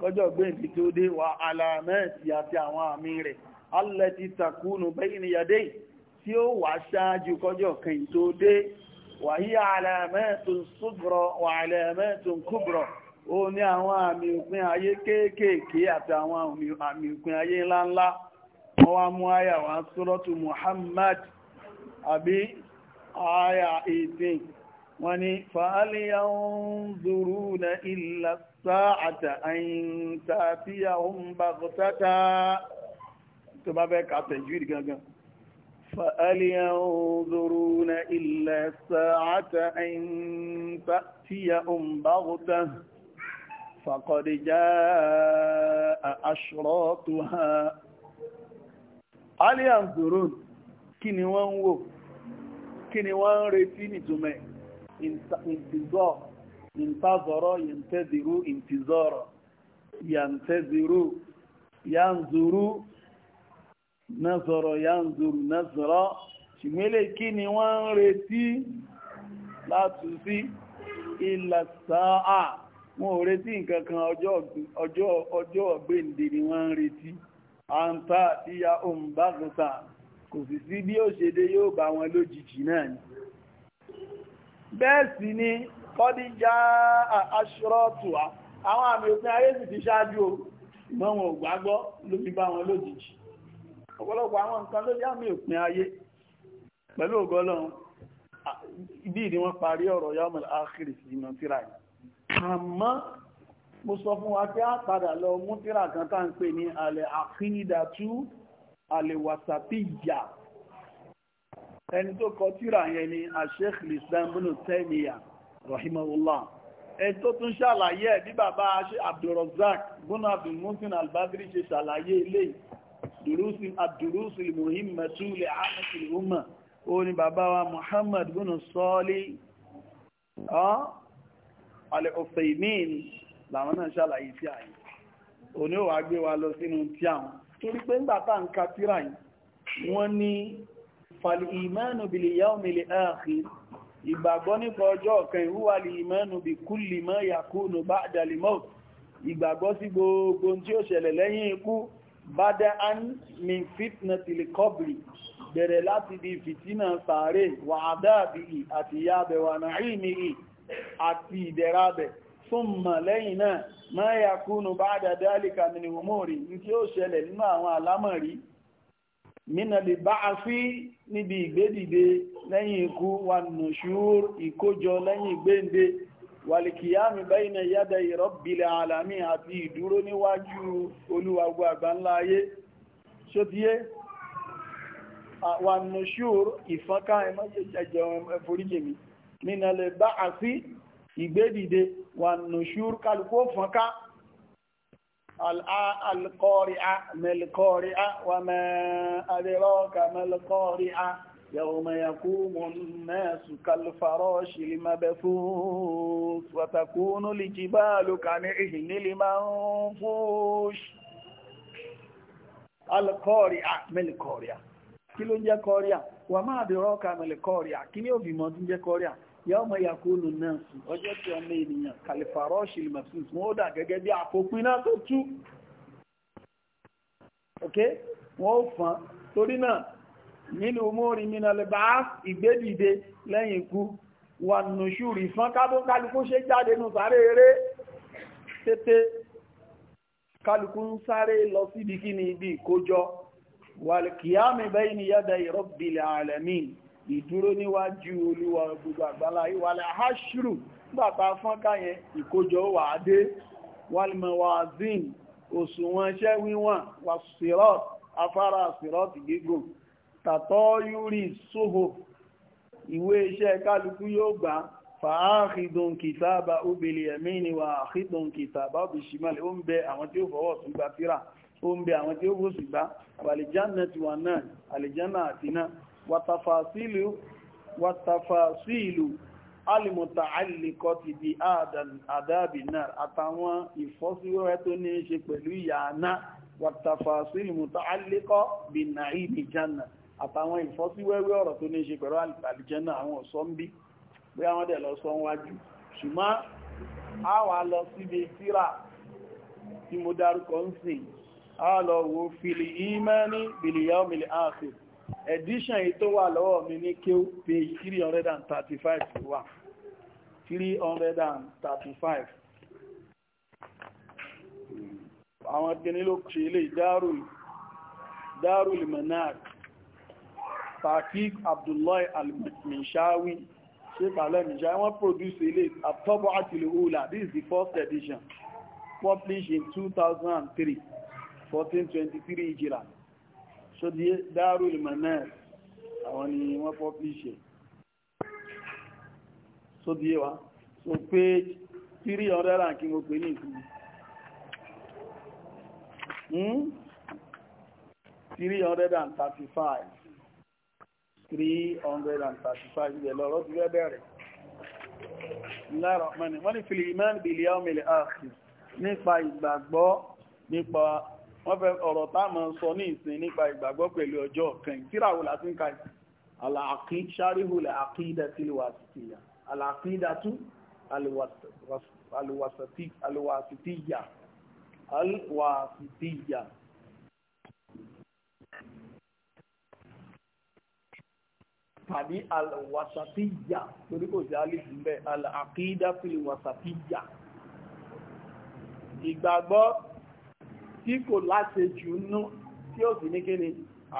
kọjọ́ gbẹ̀ǹdì tó dé wà àlàmẹ́tì àti àwọn àmì rẹ̀ alẹ́ ti takúnù bẹ́yìn ìyàdé tí ó wà ṣáájú kọjọ́ kan tó dé Muhammad àbí àyà 18 wọ́n ní fa'aliyanzuruna illa sáàtà ayin tàbíyàwó baghtata tó bá bẹ́ kàtẹ̀ jùlọ gangan فألينظرون إلا الساعة أن تأتيهم بغتة فقد جاء أشراطها ألينظرون kí ni wọ́n ń wò kí ni wọ́n ń retí nìtumẹ̀ ìntìzọ́ ìntazọ̀rọ̀ ìntẹ́zìrú ìntìzọ́rọ̀ ìyàntẹ́zìrú ìyànzùrú nẹ́sọ̀rọ̀ ìyànzùrú nẹ́sọ̀rọ̀ ṣìgbélé kí ni wọ́n ń retí láti sí ilẹ̀ sáà wọn ò retí ọjọ́ ni wọ́n ń retí àǹtà ìyá kò sì sí bí ó ṣe dé yóò bá wọn lójijì náà ni bẹ́ẹ̀ sì ni kọ́díjá aṣọ́rọ̀tù àwọn àmì òpin ayé sì ti ṣáájú o ìmọ̀ wọn ò gbàgbọ́ ló fi bá wọn lójijì ọ̀pọ̀lọpọ̀ àwọn nǹkan ló yá mi òpin ayé pẹ̀lú ògọ́lọ́run ibi ni wọ́n parí ọ̀rọ̀ yọ́mọ̀ àkìrì sí ìmọ̀ tíra yìí àmọ́ mo sọ fún wa pé a padà lọ mú tíra kan tá ń pè ní alẹ́ àkídàtú alewasatiya ẹni tó kọ tírà yẹn ni asheikh lislam bin taymiya rahimahullah ẹni tó tún ṣàlàyé ẹ̀ bí bàbá abdulrazak bin abdul muhsin albadri ṣe ṣàlàyé ilé durusil muhimmatu li amatil umma ó ní bàbá wa muhammad bin sọ́ọ́lì al-Uthaymin làwọn náà ṣàlàyé tí àyè òní ò wá gbé wa lọ sínú tí àwọn torí pé ńgbà tá ń ka tírà yìí wọ́n ní fàlì ìmánu bil yawmil akhir ìgbàgbọ́ nípa ọjọ́ ọ̀kan ìhúwà lè ìmánu bí kulli ma yakunu ba'da al-maut ìgbàgbọ́ sí gbogbo tí ó ṣẹlẹ̀ lẹ́yìn ikú súnmọ̀ lẹ́yìn náà máa yà bá dàdé àlìkà mìnì òmòrì ní tí ó ṣẹlẹ̀ nínú àwọn àlámọ̀rí lè bá a fi níbi ìgbédìde lẹ́yìn ikú wà nùṣúr ìkójọ lẹ́yìn ìgbéǹde wàlìkìyàmì ìrọ́bìlẹ̀ àti ìdúró níwájú àgbáńlá ayé ṣótíyé wà nùṣúr ìfọ́nká jẹjẹrẹ bá a ìgbédìde wà nùṣúr kálukú fọ́nká alkọ́ríà mẹ́lkọ́ríà wà mẹ́ adẹ́rọ́ka mẹ́lkọ́ríà yàwùmẹ́ yakúmù nẹ́sù kalfarọ́ ṣìlímẹ́bẹ̀ fún wàtàkúnú lè jí bá lùkà ní ìhìnílì máa ń fún alkọ́ríà mẹ́lkọ́ríà kí ló ń jẹ́ kọ́ríà wà máa adẹ́rọ́ka mẹ́lkọ́ríà kí ni ó fi mọ́ tún jẹ́ kọ́ríà yọ́mọ̀ yakúlù náà sùn ọjọ́ tí ọmọ ènìyàn kàlìfàrọ́ ṣìlìmọ̀sùn wọ́n ó dà gẹ́gẹ́ bí àfòpin náà tó tú ok wọ́n ó fàn torí náà nínú mórí mínàlẹ́bà ìgbédìde lẹ́yìn ikú wà nùṣúrì fán kálukú ṣe jáde nù sáré eré tètè kálukú ń sáré lọ síbi kí ibi ìkójọ wàlùkìyàmì bẹ́yìn yàdà rabbil ìdúró níwájú olúwa gbogbo àgbàlá ìwàlẹ̀ àṣírù gbàtà fọ́nká yẹn ìkójọ wà dé walmawazin òṣùwọ̀n iṣẹ́ wíwọ̀n wà sírọ́t afárá sírọ́t gígùn tàtọ́ yúrí sóhò ìwé iṣẹ́ kálukú yóò gbà fàáhìdùn kìtàbà obìnrin ẹ̀mí ni wà áhìdùn kìtàbà obìṣìmọ̀lẹ̀ ó ń bẹ àwọn tí ó fọwọ́ sí gbà tíra ó ń bẹ àwọn watafasilu watafasilu alìmọ̀ta alìkọ́ ti di àdábì náà àtàwọn ìfọ́síwẹ́wẹ́ tó ní ṣe pẹ̀lú ìyàáná watafasilu mọ̀ta alìkọ́ bí nàí bí jánà àtàwọn ìfọ́síwẹ́wẹ́ ọ̀rọ̀ tó ní ṣe pẹ̀lú àlìjánà àwọn àwọn dẹ̀ edition yìí tó wà lọ́wọ́ mi ní kéw page 335 wà 335 àwọn kìíní ló ṣe ilé darul darul manar takik abdullahi al-minshawi sheikh al-minshawi wọ́n produce ilé atọ́bọ̀ àti lèhúlà this is the first edition published in 2003 1423 ìjìlá ṣó di Darul Manar àwọn ni wọ́n fọ́ fi ṣe ṣó di wa so page 300 kí mo pè ní ìsinmi 335 335 ilẹ̀ lọ́rọ̀ ti rẹ́ bẹ̀rẹ̀ lára mẹ́rin wọ́n ni fìlìmẹ́ bìlì ọmọ ilẹ̀ ààkì nípa ìgbàgbọ́ nípa wọ́n fẹ́ ọ̀rọ̀ tá a máa sọ ní ìsìn nípa ìgbàgbọ́ pẹ̀lú ọjọ́ kan ìtìràwò láti ń ka àlàákí ṣáríhù làákídà tí lè wà sìtìyà àlàákídà tú àlùwàsìtìyà àlùwàsìtìyà. tàbí àlùwàsàtìyà torí kò sí alìsì ń bẹ àlàákídà tí ìgbàgbọ́ tí kò láṣe jù nú tí ó sì ní kí ni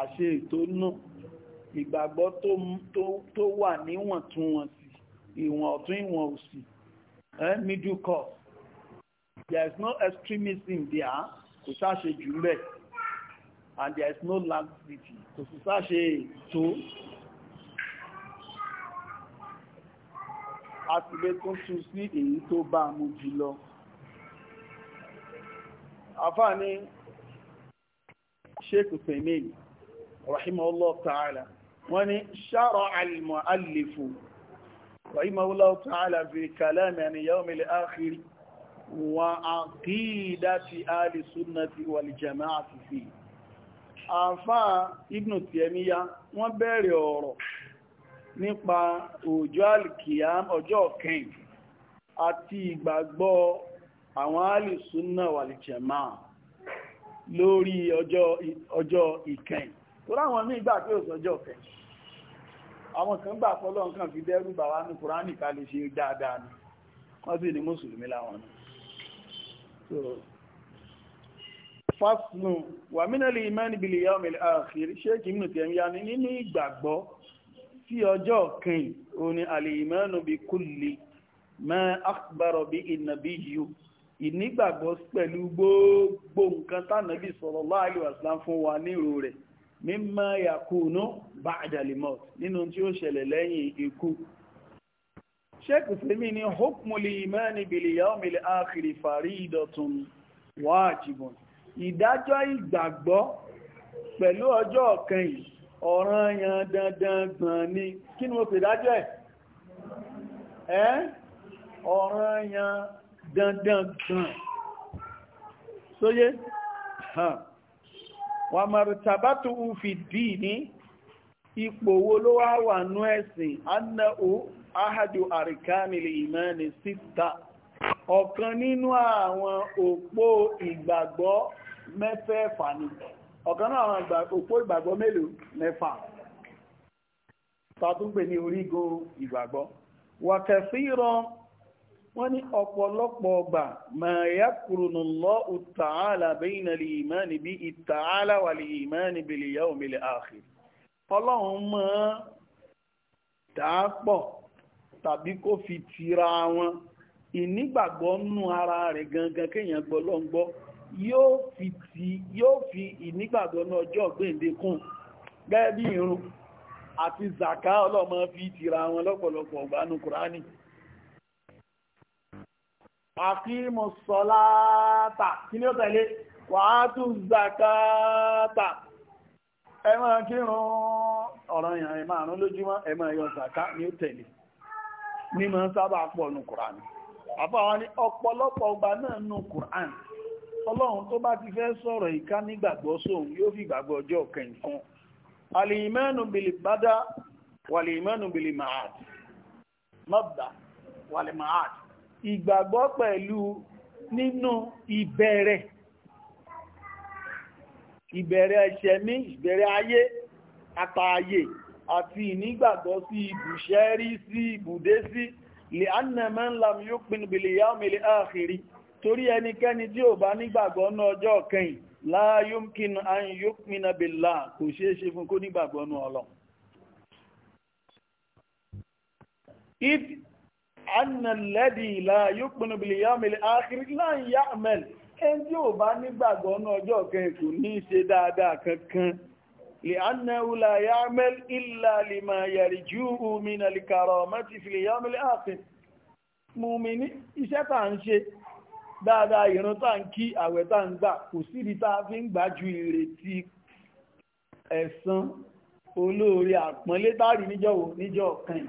àṣe ètò nú ìgbàgbọ́ tó wà níwọ̀ntúnwọ̀nsì ìwọ̀n ọ̀tún ìwọ̀n òsì middle course there is no extremism there kò sáṣe jù mẹ́ and there is no laxity kò sì sáṣe ètò a sì lè tún tún sí èyí tó bá mú jùlọ àfáà ní sheikh usaimin rahimahullah ta'ala wọ́n ní ṣàrọ̀ alìmọ̀ alìfò rahimahullah ta'ala fi kalami ni yawmil akhir wa aqidati ahli sunnati wal jama'ati fi àfáà ibn tiyamiya wọ́n bẹ̀rẹ̀ ọ̀rọ̀ nípa ọjọ́ alìkìyàm ọjọ́ kẹ́yìn àti ìgbàgbọ́ àwọn alìsúnnà wà lè jẹ máa lórí ọjọ́ ìkẹyìn tó ráwọn ní ìgbà pé òsọjọ́ ọ̀fẹ́ àwọn kan gbà pọ́lọ́ nǹkan fi dẹ́rù bà wá ní kùránì ká lè ṣe dáadáa ni wọ́n sì ní mùsùlùmí láwọn ni fásinù wà mínàlì ìmẹ́ni bìlì yọ́mìlì àkìrí ṣe kìí nù tẹ̀mí ya ní nínú ìgbàgbọ́ tí ọjọ́ kẹyìn òní ìnígbàgbọ́ pẹ̀lú gbogbo nǹkan tánàbí sallallahu alaihi wasallam fún wa nírò rẹ̀ mímọ́ yakunu ba'dal maut nínú tí ó ṣẹlẹ̀ lẹ́yìn ikú ṣéèkù fèmí ni hukmul imani bil yawmil akhir faridatun wajibun ìdájọ́ ìgbàgbọ́ pẹ̀lú ọjọ́ ọ̀kan yìí ọ̀ranyàn dandan gbọ̀n ni kí ni mo dandan gan sóyé wà mọ̀rùtàbá tó ń fi dì ní ipò wo ló wá wà nú ẹ̀sìn annahu ahadu arikanili imani sita ọ̀kan nínú àwọn òpó ìgbàgbọ́ mẹ́fẹ̀ẹ̀fà ni ọ̀kan náà àwọn òpó ìgbàgbọ́ mélòó mẹ́fà tàbí pè ní orígun ìgbàgbọ́ wàkẹ̀sí rán wọ́n ní ọ̀pọ̀lọpọ̀ ọgbà máa yá kùrùnù lọ ìtààlà bẹ́yìnà lè máa níbi ìtààlà wà lè máa níbi lè yá òmìnira ààfẹ́ ọlọ́run máa dàápọ̀ tàbí kó fi tira wọn ìnígbàgbọ́ nú ara rẹ̀ gangan kéèyàn gbọ́ yóò fi ìnígbàgbọ́ náà ọjọ́ gbèǹde kún bí irun àti zaka ọlọ́mọ fi tira wọn lọ́pọ̀lọpọ̀ ọgbà nù kúránì àkímù sọ́láátà kí ni ó tẹ̀lé wàátù zakáátà ẹ máa Ọrọ ọ̀rọ̀ ìyàn ẹ máa lójúmọ́ ẹ máa zaká ni ó tẹ̀lé ní sábà pọ̀ nù kùránì àbáwọn ni ọ̀pọ̀lọpọ̀ ọgbà náà nù kùránì ọlọ́run tó bá ti fẹ́ sọ̀rọ̀ ìká nígbàgbọ́ sóhun yóò fi gbàgbọ́ ọjọ́ alìmẹ́nu bìlì bádá wàlìmẹ́nu ìgbàgbọ́ pẹ̀lú nínú ìbẹ̀rẹ̀ ìbẹ̀rẹ̀ ìṣẹ̀mí ìbẹ̀rẹ̀ ayé àtààyè àti ìnígbàgbọ́ sí ibùṣẹ́ rí sí ibùdé sí lè annama lam yu'min bil yawmil akhir torí ẹnikẹ́ni tí ò bá nígbàgbọ́ ní ọjọ́ kẹyìn la yumkin an yu'mina billah kò ṣeé ṣe fún kó nígbàgbọ́ ní Ọlọ́run anna alladhi la yu'minu bil yawmil akhir lan ya'mal ẹni tí ò bá nígbàgbọ́ náà ọjọ́ kan kò ní ṣe dáadáa kankan li annahu la ya'mal illa lima yarju'u min al-karamati fil yawmil akhir mùmíní iṣẹ́ tá ń ṣe dáadáa ìran tá ń kí àwẹ̀ tá ń gbà kò síbi tá a fi ń gbà ju ìrètí ẹ̀san olóore àpọ́nlé níjọ́ kan yìí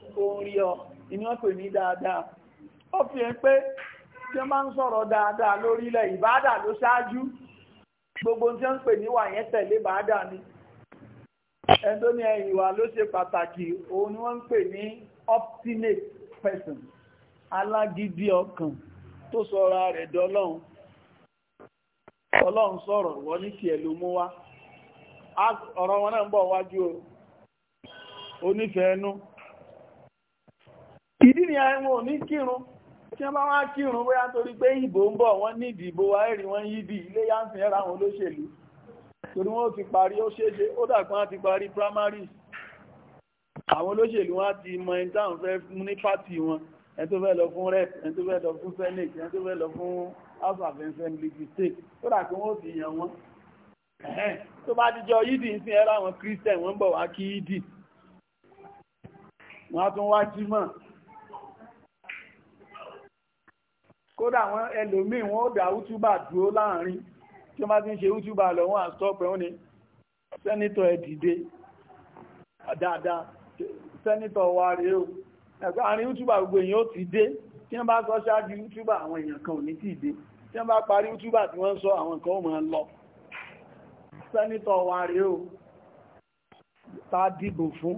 ó rí ọ iná pè ní dáadáa ó fi pé tí wọ́n máa ń sọ̀rọ̀ dáadáa lórílẹ̀ ìbáàdà ló ṣáájú gbogbo tí wọ́n ń pè níwà yẹn tẹ̀lé bàádà ni ẹni tó ní ẹ̀yìn ló ṣe pàtàkì òun ni pè ní person alágídí ọkàn tó rẹ̀ ọlọ́run sọ̀rọ̀ wọ́n ní tiẹ̀ ló mú wá ọ̀rọ̀ wọn náà ń bọ̀ wájú o onífẹ̀ẹ́ nú ìdí ni àwọn òní kírun tí wọ́n bá wá kírun bóyá torí pé ìbò ń bọ̀ wọ́n ní ìdìbò àìrí wọ́n yí bí ilé yá ń fi ẹ́ra àwọn olóṣèlú torí wọ́n ti parí ó ṣeéṣe ó dàgbọ́n á ti parí primary àwọn olóṣèlú wọ́n ti mọ ẹni táwọn fẹ́ mú ní pàtì wọn ẹni tó fẹ́ lọ fún rep ẹni tó fẹ́ lọ fún senate ẹni tó fẹ́ lọ fún house of assembly ti state ó dà pé wọ́n yàn wọ́n tó bá ti jọ yídì ń sin ẹ́ra àwọn christian wọ́n bọ̀ wá kí yídì wọ́n á tún wá jímọ̀ kódà wọn ẹlòmíì wọn ó dá útúbà dúró láàrin tí wọ́n bá ti ń ṣe útúbà lọ wọn àstọ́pẹ̀ wọn ni sẹ́nitọ̀ ẹ̀ dìde dáadáa sẹ́nitọ̀ wa rèé o ẹ̀kọ́ àárín útúbà gbogbo èèyàn ó ti dé tí wọ́n bá sọ ṣáájú útúbà àwọn èèyàn kan ò ní ti dé tí wọ́n bá parí útúbà tí wọ́n sọ àwọn kan ó máa lọ sẹ́nitọ̀ wa rèé o ta dìbò fún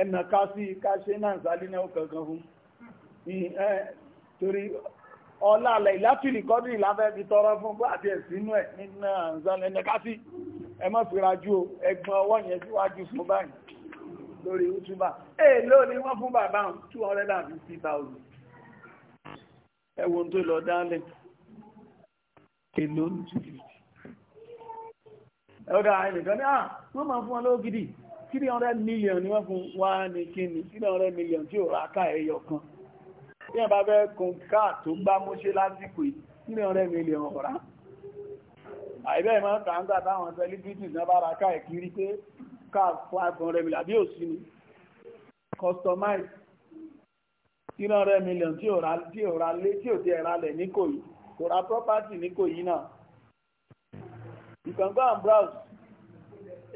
ẹnà ká sí ká ṣe náà sálínà ó kankan fún torí ọlá alẹ̀ ìlátìlì kọ́dìrì láfẹ́ fi tọrọ fún bá àti ẹ̀sínú ẹ̀ nínú àǹzánlẹ̀ nẹ́kásí ẹ má fi rajú o ẹgbọ́n ọwọ́ yẹn síwájú fún báyìí lórí útúbà èèlò ni wọ́n fún bàbá 250,000 ẹwọ́n tó lọ dálẹ̀ èèlò ní 250 ẹ̀ọ́dà ẹnìkan ní à ah, wọ́n máa fún ọ lówó gidi 300 million ni wọ́n fún wá 300 million tí ò ráká ẹyọ tí ẹ bá fẹ́ kún káà tó gbá múṣé lásìkò nínú ọ̀rẹ́ mi lè hàn ọ̀rá àìbẹ́ ìmọ̀ tàǹgbà táwọn celebrities náà bára káà ìkiri pé káà fún àgbọn rẹ̀ mílíọ̀n bí ò sí ni customize nínú ọ̀rẹ́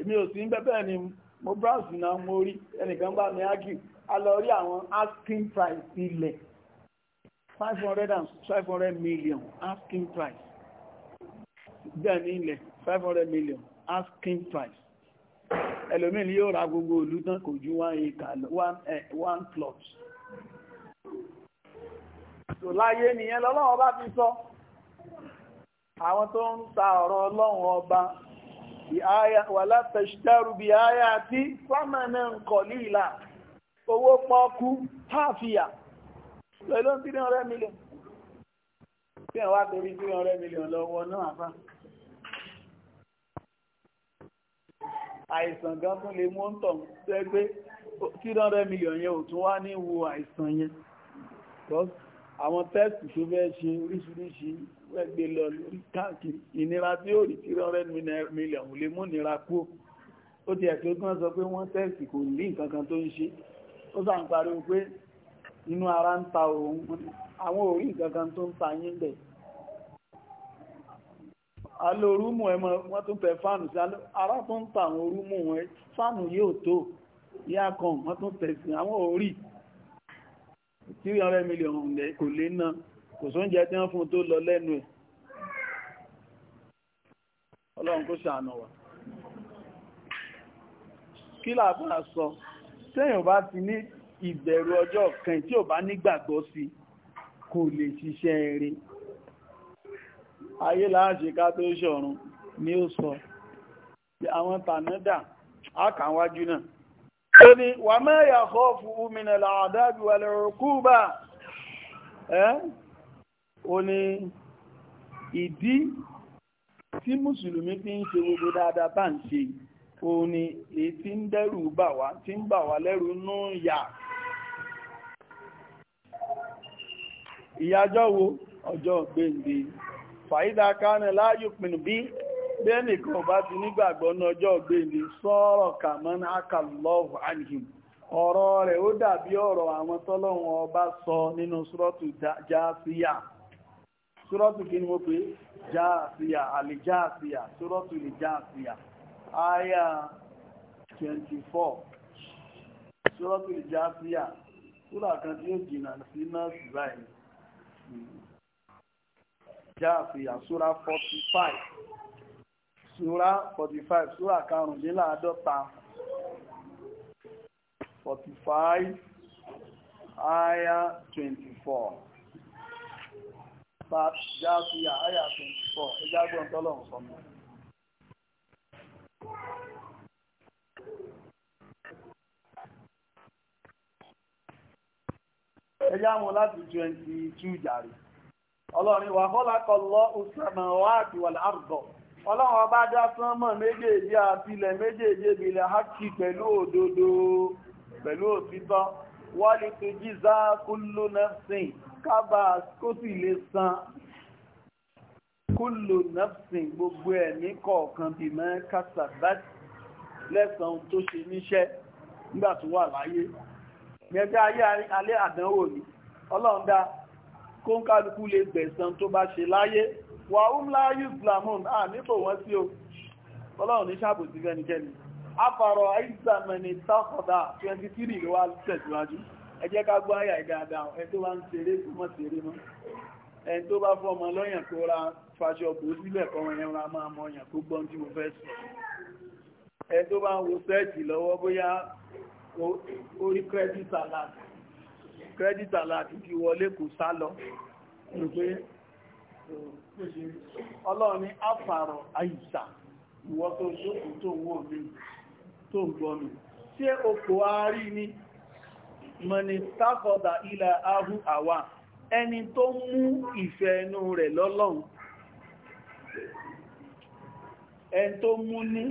mílíọ̀n ni mo browse náà mo rí ẹnìkan bá price ilẹ̀ five hundred and five hundred million asking price Then ní ilẹ̀ five hundred million asking price ẹlòmíì yóò ra gbogbo ìlú tán kò ju one acre one plot tò láyé nìyẹn lọ́lọ́wọ́ bá fi sọ àwọn tó ń ta ọ̀rọ̀ ọlọ́run ọba wàlá tẹ̀ṣítẹ́rù bí i ayá àti fámẹ́nà ń kọ̀ líìlà owó pọ́kú táàfíà pẹ̀lú tí ní ọ̀rẹ́ mílíọ̀n tí ẹ̀ wá torí tí ọ̀rẹ́ mílíọ̀n lọ́wọ́ náà àfá àìsàn gan fún lè mú ń tọ̀ sẹ́gbé tí ọ̀rẹ́ mílíọ̀n yẹn ò tún wá ní wo àìsàn yẹn àwọn tẹ́sì tó fẹ́ ṣe oríṣiríṣi wẹ́gbẹ́ lọ lórí káàkiri ìnira tí ó rí tí ọ̀rẹ́ mílíọ̀n lè mú nira kú ó ti ẹ̀kẹ́ kan sọ pé wọ́n tẹ́sì kò ní nǹkan kan tó ń ṣe ó sàn pé inú ara ń ta òun àwọn orí ìgangan tó ń ta yín bẹ̀ alórúmù ẹmọ wọ́n tún tẹ fánù sí ara tó ń ta àwọn orúmù wọn fánù yóò tó yá kan wọ́n tún tẹ̀ sí àwọn orí 300 million kò lè ná kò sóúnjẹ tí wọ́n fún tó lọ lẹ́nu ẹ̀ ọlọ́run kó ṣàánà wà ìbẹ̀rù ọjọ́ kan tí ò bá nígbàgbọ́ sí kò lè ṣiṣẹ́ rere ayé láàṣẹ ká tó ṣọ̀run ni ó sọ àwọn tànádà ákàwájú náà tó ní wà mẹ́yà kọ́ọ̀fù òmìnà làádábì wà lẹ́rọ̀kú bá ẹ́ o ní ìdí tí mùsùlùmí fi ń ṣe gbogbo dáadáa bá ń ṣe o ní èyí tí ń dẹ́rù bà wá tí ń bà wá lẹ́rù nú yàá ìyájọ́ wo ọjọ́ gbèǹde fàídà kánà láàyò pinnu bí bẹ́ẹ̀nìkan bá ti nígbàgbọ́ ní ọjọ́ gbèǹde sọ́rọ̀ kàmọ́n akàlọ́ọ̀hù anhim ọ̀rọ̀ rẹ̀ ó dàbí ọ̀rọ̀ àwọn tọ́lọ́wọ́n ọba sọ nínú súrọ́tù kan tí ó sí jáàfìyà súra 45 súra 45 súra karùndínláàádọ́ta 45 aya 24 jáàfìyà aya 24 ẹjá gbọ́n tọ́lọ̀ sọmọ́ ẹjá wọn láti 22 jàre ọlọ́rin wà kọ́lá kọlọ́ òṣèmọ̀ wá àti wà láàrùbọ̀ ọlọ́run ọba dá sánmọ̀ méjèèjì àtilẹ̀ méjèèjì ìbílẹ̀ hákì pẹ̀lú òdodo pẹ̀lú òtítọ́ wọ́n lè tó jíza kúlù nẹ́fsìn kábà kó sì lè san kúlù nẹ́fsìn gbogbo ẹ̀mí kọ̀ọ̀kan bí mẹ́ kásàbẹ́t lẹ́sàn-án tó ṣe níṣẹ́ nígbà tó wà láyé gbẹ̀gbẹ́ ayé alẹ́ àdánwò ni ọlọ́run dá kó ń kálukú lè gbẹ̀san tó bá ṣe láyé wà umla yuslamon a nípò wọ́n sí o ọlọ́run ní ṣàbòsí fẹ́nikẹ́ni afárọ̀ aizamani takọ̀dá 23 ló wá tẹ̀síwájú ẹ jẹ́ ká gbọ́ àyà ìdáadáa ẹ tó wá ń ṣeré tó mọ́ ṣeré mọ́ ẹ tó bá fọmọ lọ́yàn tó ra fàṣọ bò sílẹ̀ kọmọ yẹn orí credit alert credit alert ti wọlé kò sá lọ pé ọlọ́run ní àfàrọ̀ àyíṣà ìwọ tó ṣókùn tó wọ́ mi tó ń gbọ́ mi tí ó kò àárí ní mọ̀ni tákọ̀dà ilẹ̀ ahú àwà ẹni tó mú ìfẹ́ ẹnu rẹ̀ lọ́lọ́run ẹni tó mú ní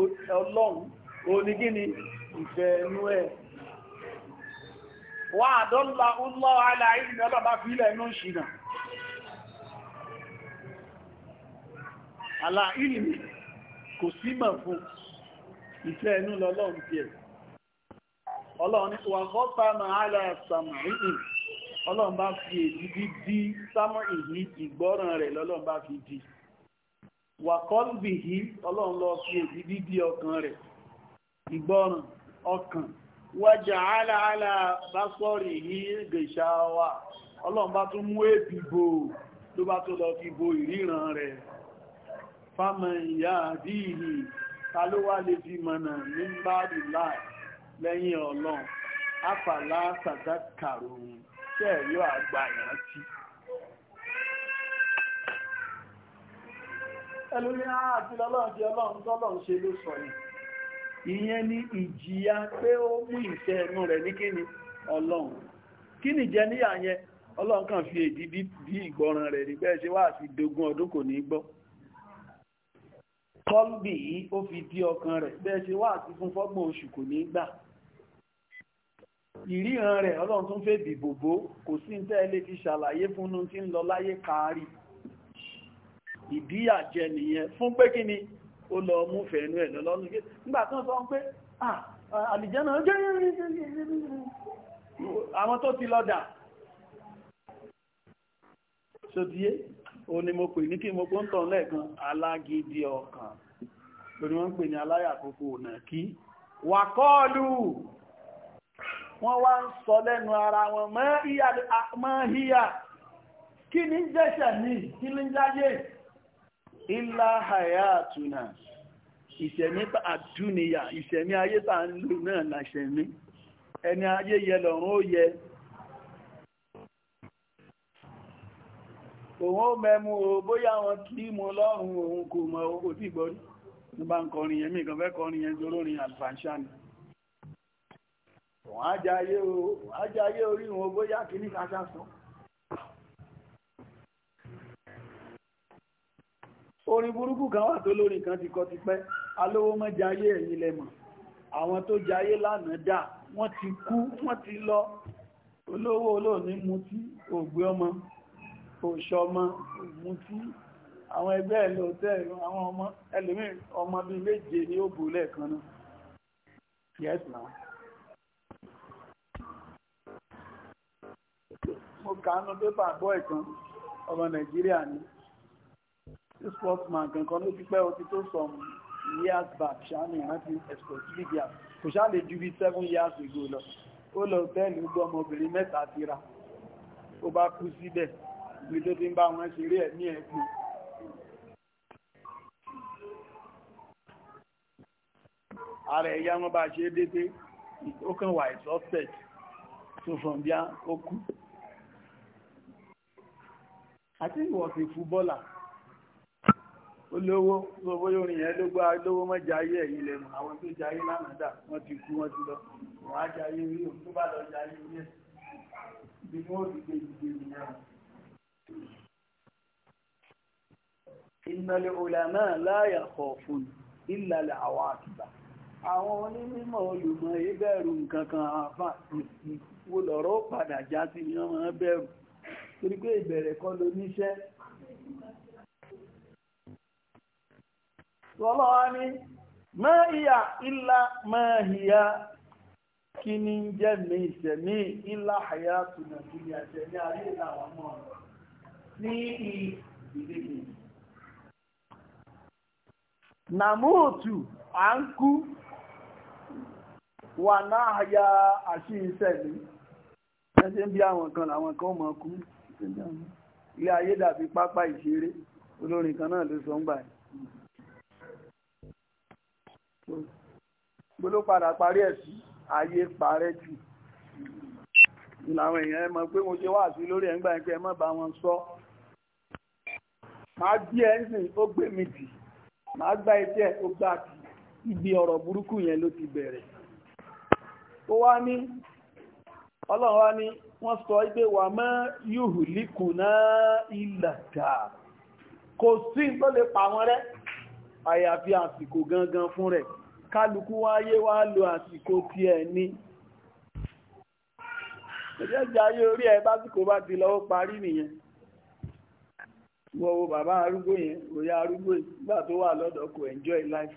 ọlọ́run onígíní ìfẹ́ enu ẹ̀ wà àdọ́lá ọlọ́ ala ní ọlọ́bá fílẹ̀ ní ṣìnà àlà ìrìnì kò fún ìfẹ́ ẹnu lọ́lọ́run tí ẹ̀ ọlọ́run wà kọ́ta náà aláàsàmà fi fi di fi èdìdí di ọkàn rẹ̀ ìgbọ́ràn ọkàn wájà aláàlá bá sọ́rì ní gẹ̀ṣàwà ọlọ́run bá tún mú èbì bò ló bá tó lọ fi bo ìríran rẹ̀ fámọ̀ ìyá àdíhì ta ló wá lè fi mọ̀nà ní báàdì láì lẹ́yìn ọlọ́run afàlá sàdákàrò tẹ́ẹ̀rí àgbà ìrántí ẹlú ní àti lọ́lọ́run ìyẹn ni ìjìyà pé ó mú ìfẹ́ ẹnu rẹ̀ ní kíni ọlọ́run kí ni jẹ níyà yẹn ọlọ́run kàn fi èdí bí ìgbọràn rẹ̀ ní bẹ́ẹ̀ ṣe wá sí dogun ọdún kò ní gbọ́ kọ́lbì yìí ó fi dí ọkàn rẹ̀ bẹ́ẹ̀ ṣe wá sí fún fọ́gbọ̀n oṣù kò ní gbà ìríran rẹ̀ ọlọ́run tún fẹ́ bìbòbó kò sí ń tẹ́lẹ̀ fi ṣàlàyé fúnnú tí ń lọ láyé kárí ìdíyàjẹ nìyẹn fún pé kí ni ó lọ mú fẹ̀ẹ́nú ẹ̀ lọ́lọ́nù gé nígbà tó sọ pé a jẹ́ àwọn tó ti lọ́dà o ni mo pè ní kí mo lẹ́ẹ̀kan ọkàn lórí wọ́n pè ní kí wàkọ́ọ̀lù wọ́n wá ń sọ ara wọn mọ́ híyà kí ní ní kí illa hayatuna ìṣẹ̀mí àdúnìyà ìṣẹ̀mí ayé tà ń lò náà làṣẹ̀mí ẹni ayé yẹ lọ́run ó yẹ òun ó mẹ́mú o bóyá wọn kí mú òun kò mọ̀ ó ti gbọ́rí ní bá ń kọrin yẹn mí fẹ́ kọrin yẹn jọlórin alfanshani òun á orí òun bóyá sọ orin burúkú kan wà tó lórin kan ti kọ ti pẹ́ alówó mọ́ jayé ẹ̀yìn lẹ́mọ̀ àwọn tó jayé lánàá dà wọ́n ti kú wọ́n ti lọ olówó olóòní mutí ògbé ọmọ òṣọmọ mutí àwọn ẹgbẹ́ ẹ̀lọ àwọn ọmọ ẹlòmí ọmọ bí méje ní òbò lẹ́ẹ̀kan náà yes ma mo kàánú pépà bọ́ ìkan ọmọ nàìjíríà ni sportsman kankan ló ti pẹ́ o ti tó some years back ṣáàmì àti export libya kò ṣáàlè ju bí seven years ago lọ ó lọ tẹ́lù gbọ́ ọmọbìnrin mẹ́ta tira ó bá kú síbẹ̀ ibi tó ti ń bá wọn ṣeré ẹ̀ ní ẹ̀kùn ara ẹ̀yà wọn bá ṣe dédé ó kàn wà exhausted so from there ó kú I think he was a footballer olówó tó bóyá orin yẹn ló gbá lówó mọ́ jayé ẹ̀yìn lẹ́nu àwọn tó jayé lánàá dà wọ́n ti kú wọ́n ti lọ wọ́n á jayé rí òun tó bá lọ jayé rí ẹ̀ bí wọ́n ti gbé ìgbé ìyá ìnàlẹ̀ òlànà láyà kọ̀ọ̀fún ìlàlẹ̀ àwọn àtìbà àwọn onímọ̀ olùmọ̀ ìbẹ̀rù nǹkankan àfà ìsìn wo padà já sí ni wọ́n máa bẹ̀rù torí pé ìbẹ̀rẹ̀ kọ́ lóníṣẹ́ lọ́lọ́wọ́ ní máa ìyà ilá máa hìyà kí ní jẹ́ mi ìṣẹ̀mí ilá àyà tùnà kí ní ayé ìlàwọ̀ mọ́ ní ìdíkì nàmóòtù à ń kú wà náà àyà àṣì ìṣẹ̀mí ẹ̀ṣẹ̀ ń bí àwọn kan làwọn kan mọ̀ kú ilé ayé dàbí gbóló padà parí ẹ̀ sí ayé parẹ́ jù làwọn èèyàn mọ̀ pé mo ṣe wà sí lórí ẹ̀ngbà ẹ̀kẹ́ mọ́ bá wọn sọ máa bí ẹ ń sìn ó gbé mi dì máa gbá etí ẹ̀ ó gbá kì ibi ọ̀rọ̀ burúkú yẹn ló ti bẹ̀rẹ̀ ó wá ní ọlọ́run wá ní wọ́n sọ pé wà mọ́ yùhù líkù náà ìlàkà kò sí tó lè pa wọn rẹ́ àyàfi àsìkò gangan fún rẹ̀ kálukú wáyé wá lo àsìkò tí ẹ ní ìjẹ́jẹ́ ayé orí ẹ básìkò bá ti lọ́wọ́ parí nìyẹn wọ́wọ́ bàbá arúgbó yẹn òyà arúgbó ìgbà tó wà lọ́dọ̀ kò enjoy life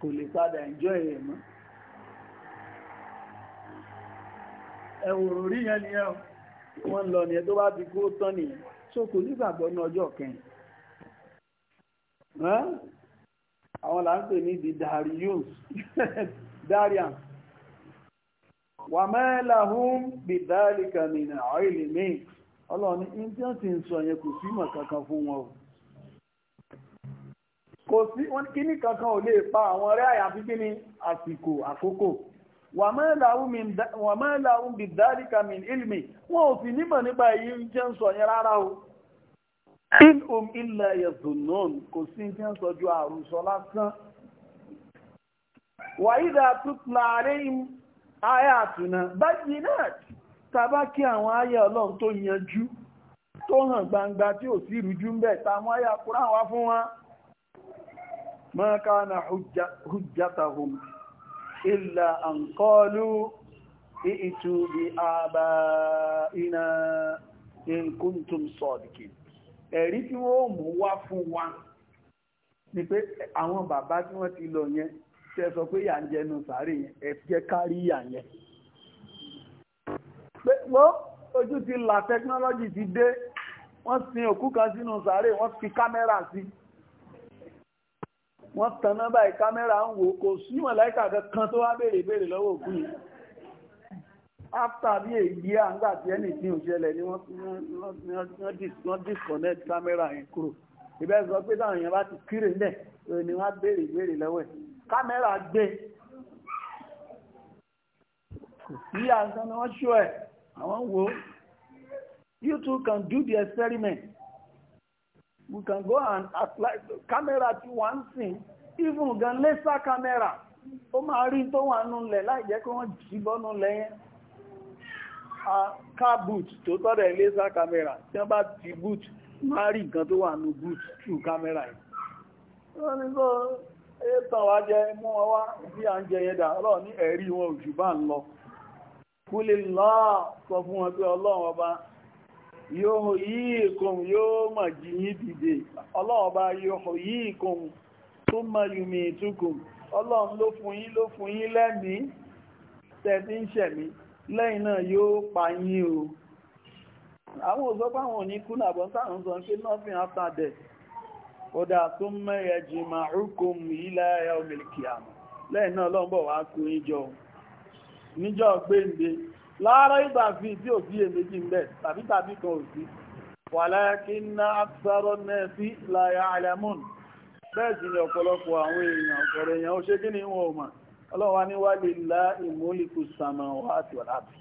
kò lè padà enjoy ẹ̀ mọ́ ẹ̀wòrò rí yẹn ni ẹ̀ wọ́n lọ nìyẹn tó bá ti kú ó tán nìyẹn so kò nígbàgbọ́ ní ọjọ́ kẹyìn àwọn là ń pè ní the darius darian wà mẹ́làhún bí dálíkà nìna ọ̀ìlì míì ọlọ́ni indian ti ń sọ yẹn kò sí mọ̀ kankan fún wọn o kò sí kíní kankan ò lè pa àwọn ọ̀rẹ́ àyàfi kíní àsìkò àkókò wà mẹ́làhún bí dálíkà nìna ilmi wọn ò sì nímọ̀ nípa èyí ń jẹ́ ń sọ yẹn rárá o in um illa yazunnun kò sí ní sọ́jú àrùsọ lásán wà ìdá tutla alayhim ayatuna bayyinat tàbá kí àwọn ayé ọlọ́run tó yanjú tó hàn gbangba tí ò sí ìrújú ń bẹ tàmú ayé Kùránì wá fún wa ma kana hujjatahum illa an qalu i'tu bi abaina in kuntum sadiqin ẹ̀rí tí wọ́n mú wá fún wa ni pé àwọn bàbá tí wọ́n ti lọ yẹn ṣe sọ pé yà ń jẹnu sàárè yẹn ẹ jẹ́ kárí yà yẹn. pé wọ́n ojú ti là tẹkinọ́lọ́jì ti dé wọ́n sin òkú kan sínú sàárè wọ́n fi kámẹ́rà sí wọ́n tan nọ́mbà kámẹ́rà ń wò kò sí mọ̀láìkà kan tó wá béèrè béèrè lọ́wọ́ òkú yìí after bí èyí à ń gbà tí ẹnì tí ò ṣẹlẹ̀ ni wọ́n disconnect camera yẹn kúrò ìbẹ́ sọ pé táwọn èèyàn bá ti kírè ńlẹ̀ ni wọ́n á béèrè ìbéèrè lọ́wọ́ ẹ̀ camera gbé kò sí àǹsán ni wọ́n ṣó ẹ̀ àwọn wo you too can do the experiment we can go and apply camera to one thing even gan laser camera ó máa rí tó wà nù lẹ̀ láì jẹ́ kí wọ́n jí bọ́nù lẹ́yìn ká boot tó tọ́rẹ̀ lẹ́sà kámẹ́rà tí wọ́n bá ti boot máa rí nǹkan tó wà ní boot through kámẹ́rà yìí wọ́n ní kó ẹ̀tàn wá jẹ mú wọn wá bí à ń jẹ yẹn dà ọlọ́run ní ẹ̀rí wọn òjò bá ń lọ kúlè lọ́ọ̀ sọ fún wọn pé ọlọ́run ọba yóò yìí ìkùn yóò mọ̀ jí yí dìde ọlọ́run bá yóò yìí ìkùn tó mọ̀ ọlọ́run ló fún yín ló fún yín lẹ́mìí tẹ̀ ní ìṣẹ̀mí lẹ́yìn náà yóò pa yín o àwọn òṣọ́ páwọn òní kú náà bọ́n táwọn sọ pé nothing after death kódà tó mẹ́rẹ̀ jì máa rúkọ mú ilẹ̀ lẹ́yìn náà kú fi sí èméjì tàbí tàbí ni ọ̀pọ̀lọpọ̀ àwọn ọlọ́wà ní wà lè lá ìmúlìkù sàmàwà àti ọ̀làbì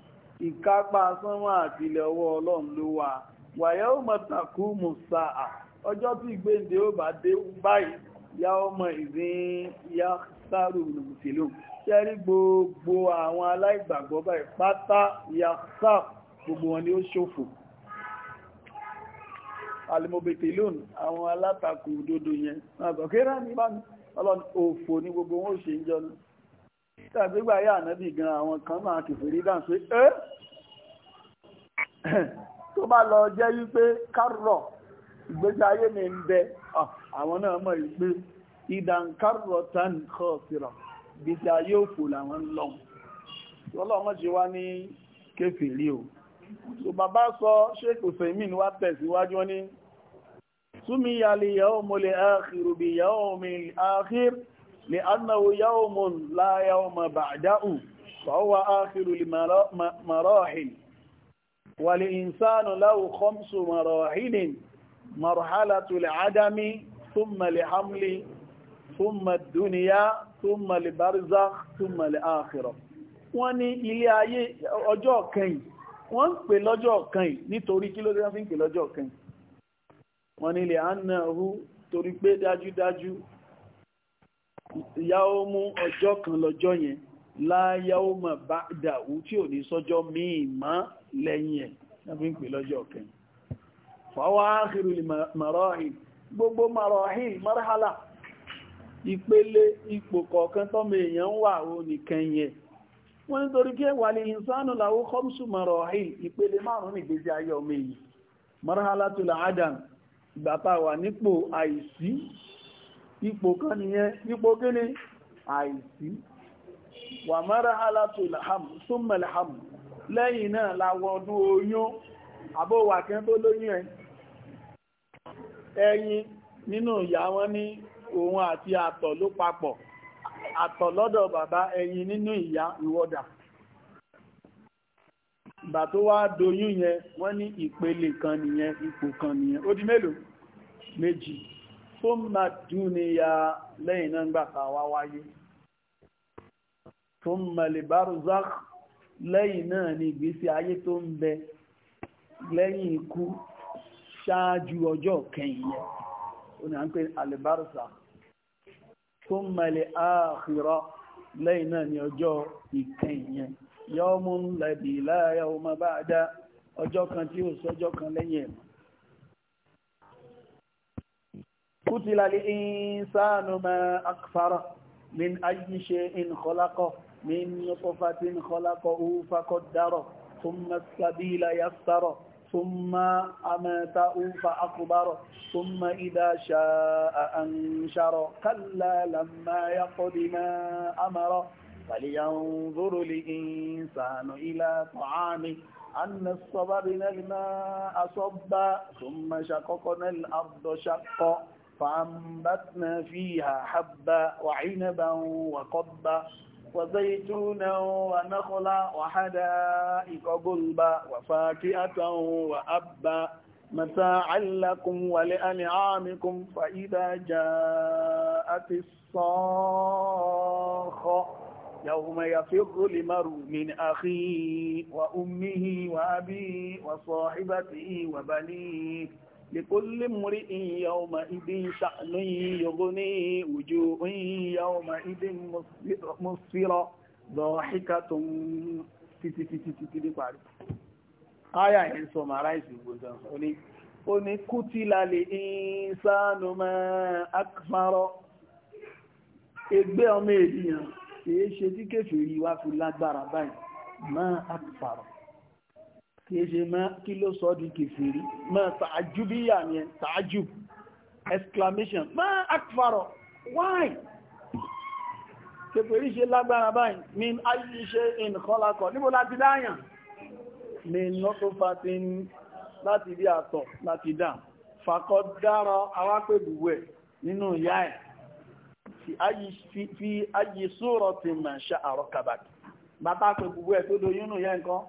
ìkápá sánmà àtìlẹ̀ ọwọ́ ọlọ́run ló wà wàyẹ́ ó mọ̀tàkù mùsà à ọjọ́ tí ìgbéǹde ó bá dé báyìí yá ọmọ ìdín yá sáré olùmùsílùm ṣẹ́rí gbogbo àwọn aláìgbàgbọ́ báyìí pátá yá sá gbogbo wọn ni ó ṣòfò alimobetelun àwọn alátakò òdodo yẹn ọ̀kẹ́rẹ́ ní bá ọlọ́run òfò ní gbogbo wọn ó ṣe ń jọ náà tàbígbà yà ànábì gan àwọn kan máa kìfìrí dàn pé ẹ́ tó bá lọ jẹ́ wípé kárọ̀ ìgbésí ayé mi ń bẹ àwọn náà mọ̀ wípé ìdàn kárọ̀ tán kọ́ síra ìgbésí ayé òfò làwọn ń lọ lọ́lọ́mọ́ ṣe wá ní kéfìrí o so bàbá sọ ṣé kò sẹ́yìn mí ni wá tẹ̀síwájú ní túmíyàlì yàwó mo lè bí yàwó mi áàkìrù لأنه يوم لا يوم بعده فهو آخر المراحل والإنسان له خمس مراحل مرحلة العدم ثم لحمل ثم الدنيا ثم البرزخ ثم الآخرة wọ́n ní ilé ayé ọjọ́ kẹyìn wọ́n ń pè lọ́jọ́ kẹyìn nítorí kí ló dé wọ́n fi ń pè lọ́jọ́ kẹyìn wọ́n ní lè ánàhú torí pé yáómú ọjọ́ kan lọ́jọ́ yẹn láyáómà bá dàwú tí ò ní sọ́jọ́ míì mọ́ lẹ́yìn ẹ̀ lábí ń pè lọ́jọ́ kẹyìn fàwáhìrù marahin gbogbo marahin marhala ìpele ipò kọ̀ọ̀kan tọ́mọ èèyàn wà ó nìkẹyìn ẹ̀ wọ́n nítorí kí wà lè ìsánù làwó khamsu marahin ìpele márùn-ún ìgbésí ayé ọmọ èyí marhala tó là ádàm ìgbà wà nípò àìsí ipò kan nìyẹn ipò kíní àìsí wà mara halatu ilhamu súnmọ̀ lẹ́yìn náà láwọn ọdún oyún àbówà kẹ́ tó lóyún ẹ ẹyin nínú ìyá wọn ní òun àti àtọ̀ ló papọ̀ àtọ̀ lọ́dọ̀ bàbá ẹyin nínú ìyá ìwọ́dà ìgbà tó wá doyún yẹn wọ́n ní ìpele kan nìyẹn ipò kan nìyẹn ó di mélòó méjì tó ma dúnìyà lẹ́yìn náà gbàtà wá wáyé tó ma lè barzakh lẹ́yìn náà ni ìgbésí ayé tó ń bẹ lẹ́yìn ikú ṣáájú ọjọ́ kẹyìn yẹn ó ní à ń pè alìbársà tó mẹ́lẹ̀ ààkìrọ lẹ́yìn náà ni ọjọ́ ìkẹyìn yọ́ mú lẹ́bí láyá ọmọ bá dá ọjọ́ kan tí ó sọ́jọ́ kan lẹ́yìn ẹ̀mọ́ قتل الإنسان ما أكثر من أي شيء خلقه من نطفة خلقه فقدره ثم السبيل يسره ثم أماته فأقبره ثم إذا شاء أنشره كلا لما يقض ما أمره فلينظر الإنسان إلى طعامه أن صببنا الماء صبا ثم شققنا الأرض شقا فأنبتنا فيها حبا وعنبا وقبا وزيتونا ونخلا وحدائق غلبا وفاكهة وأبا متاعا لكم ولأنعامكم فإذا جاءت الصاخة يوم يفر المرء من أخيه وأمه وأبيه وصاحبته وبنيه لكل امرئ يومئذ شأن يغنيه وجوه يومئذ مسفرة ضاحكة Aya yẹn sọ màá ráìsì ìgbòǹtàn sọ ní, ó ní kú tí lálẹ̀ ìsánú máa akfàrọ. Ẹgbẹ́ ọmọ ènìyàn, èé ṣe tí kéfèé yìí wá fi lágbára báyìí, máa akfàrọ kìí ṣe mọ́ kí ló sọ di kèfèrí mọ́ tààjú bí yà ní tààjú exclamation mọ́ akfàrọ̀ why kèfèrí ṣe lágbára báyìí min ayé ṣe in kọ́lákọ̀ níbo láti dáyàn min nọ́tọ́fàtín láti bí àtọ̀ láti dá fàkọ́ dára awápẹ̀ gbogbo ẹ̀ nínú ìyá ẹ̀ fi ayé sóòrọ̀ ti mọ̀ ṣe àrọ̀kàbàkì bàbá pẹ̀ gbogbo ẹ̀ tó doyún nù yẹ́ nǹkan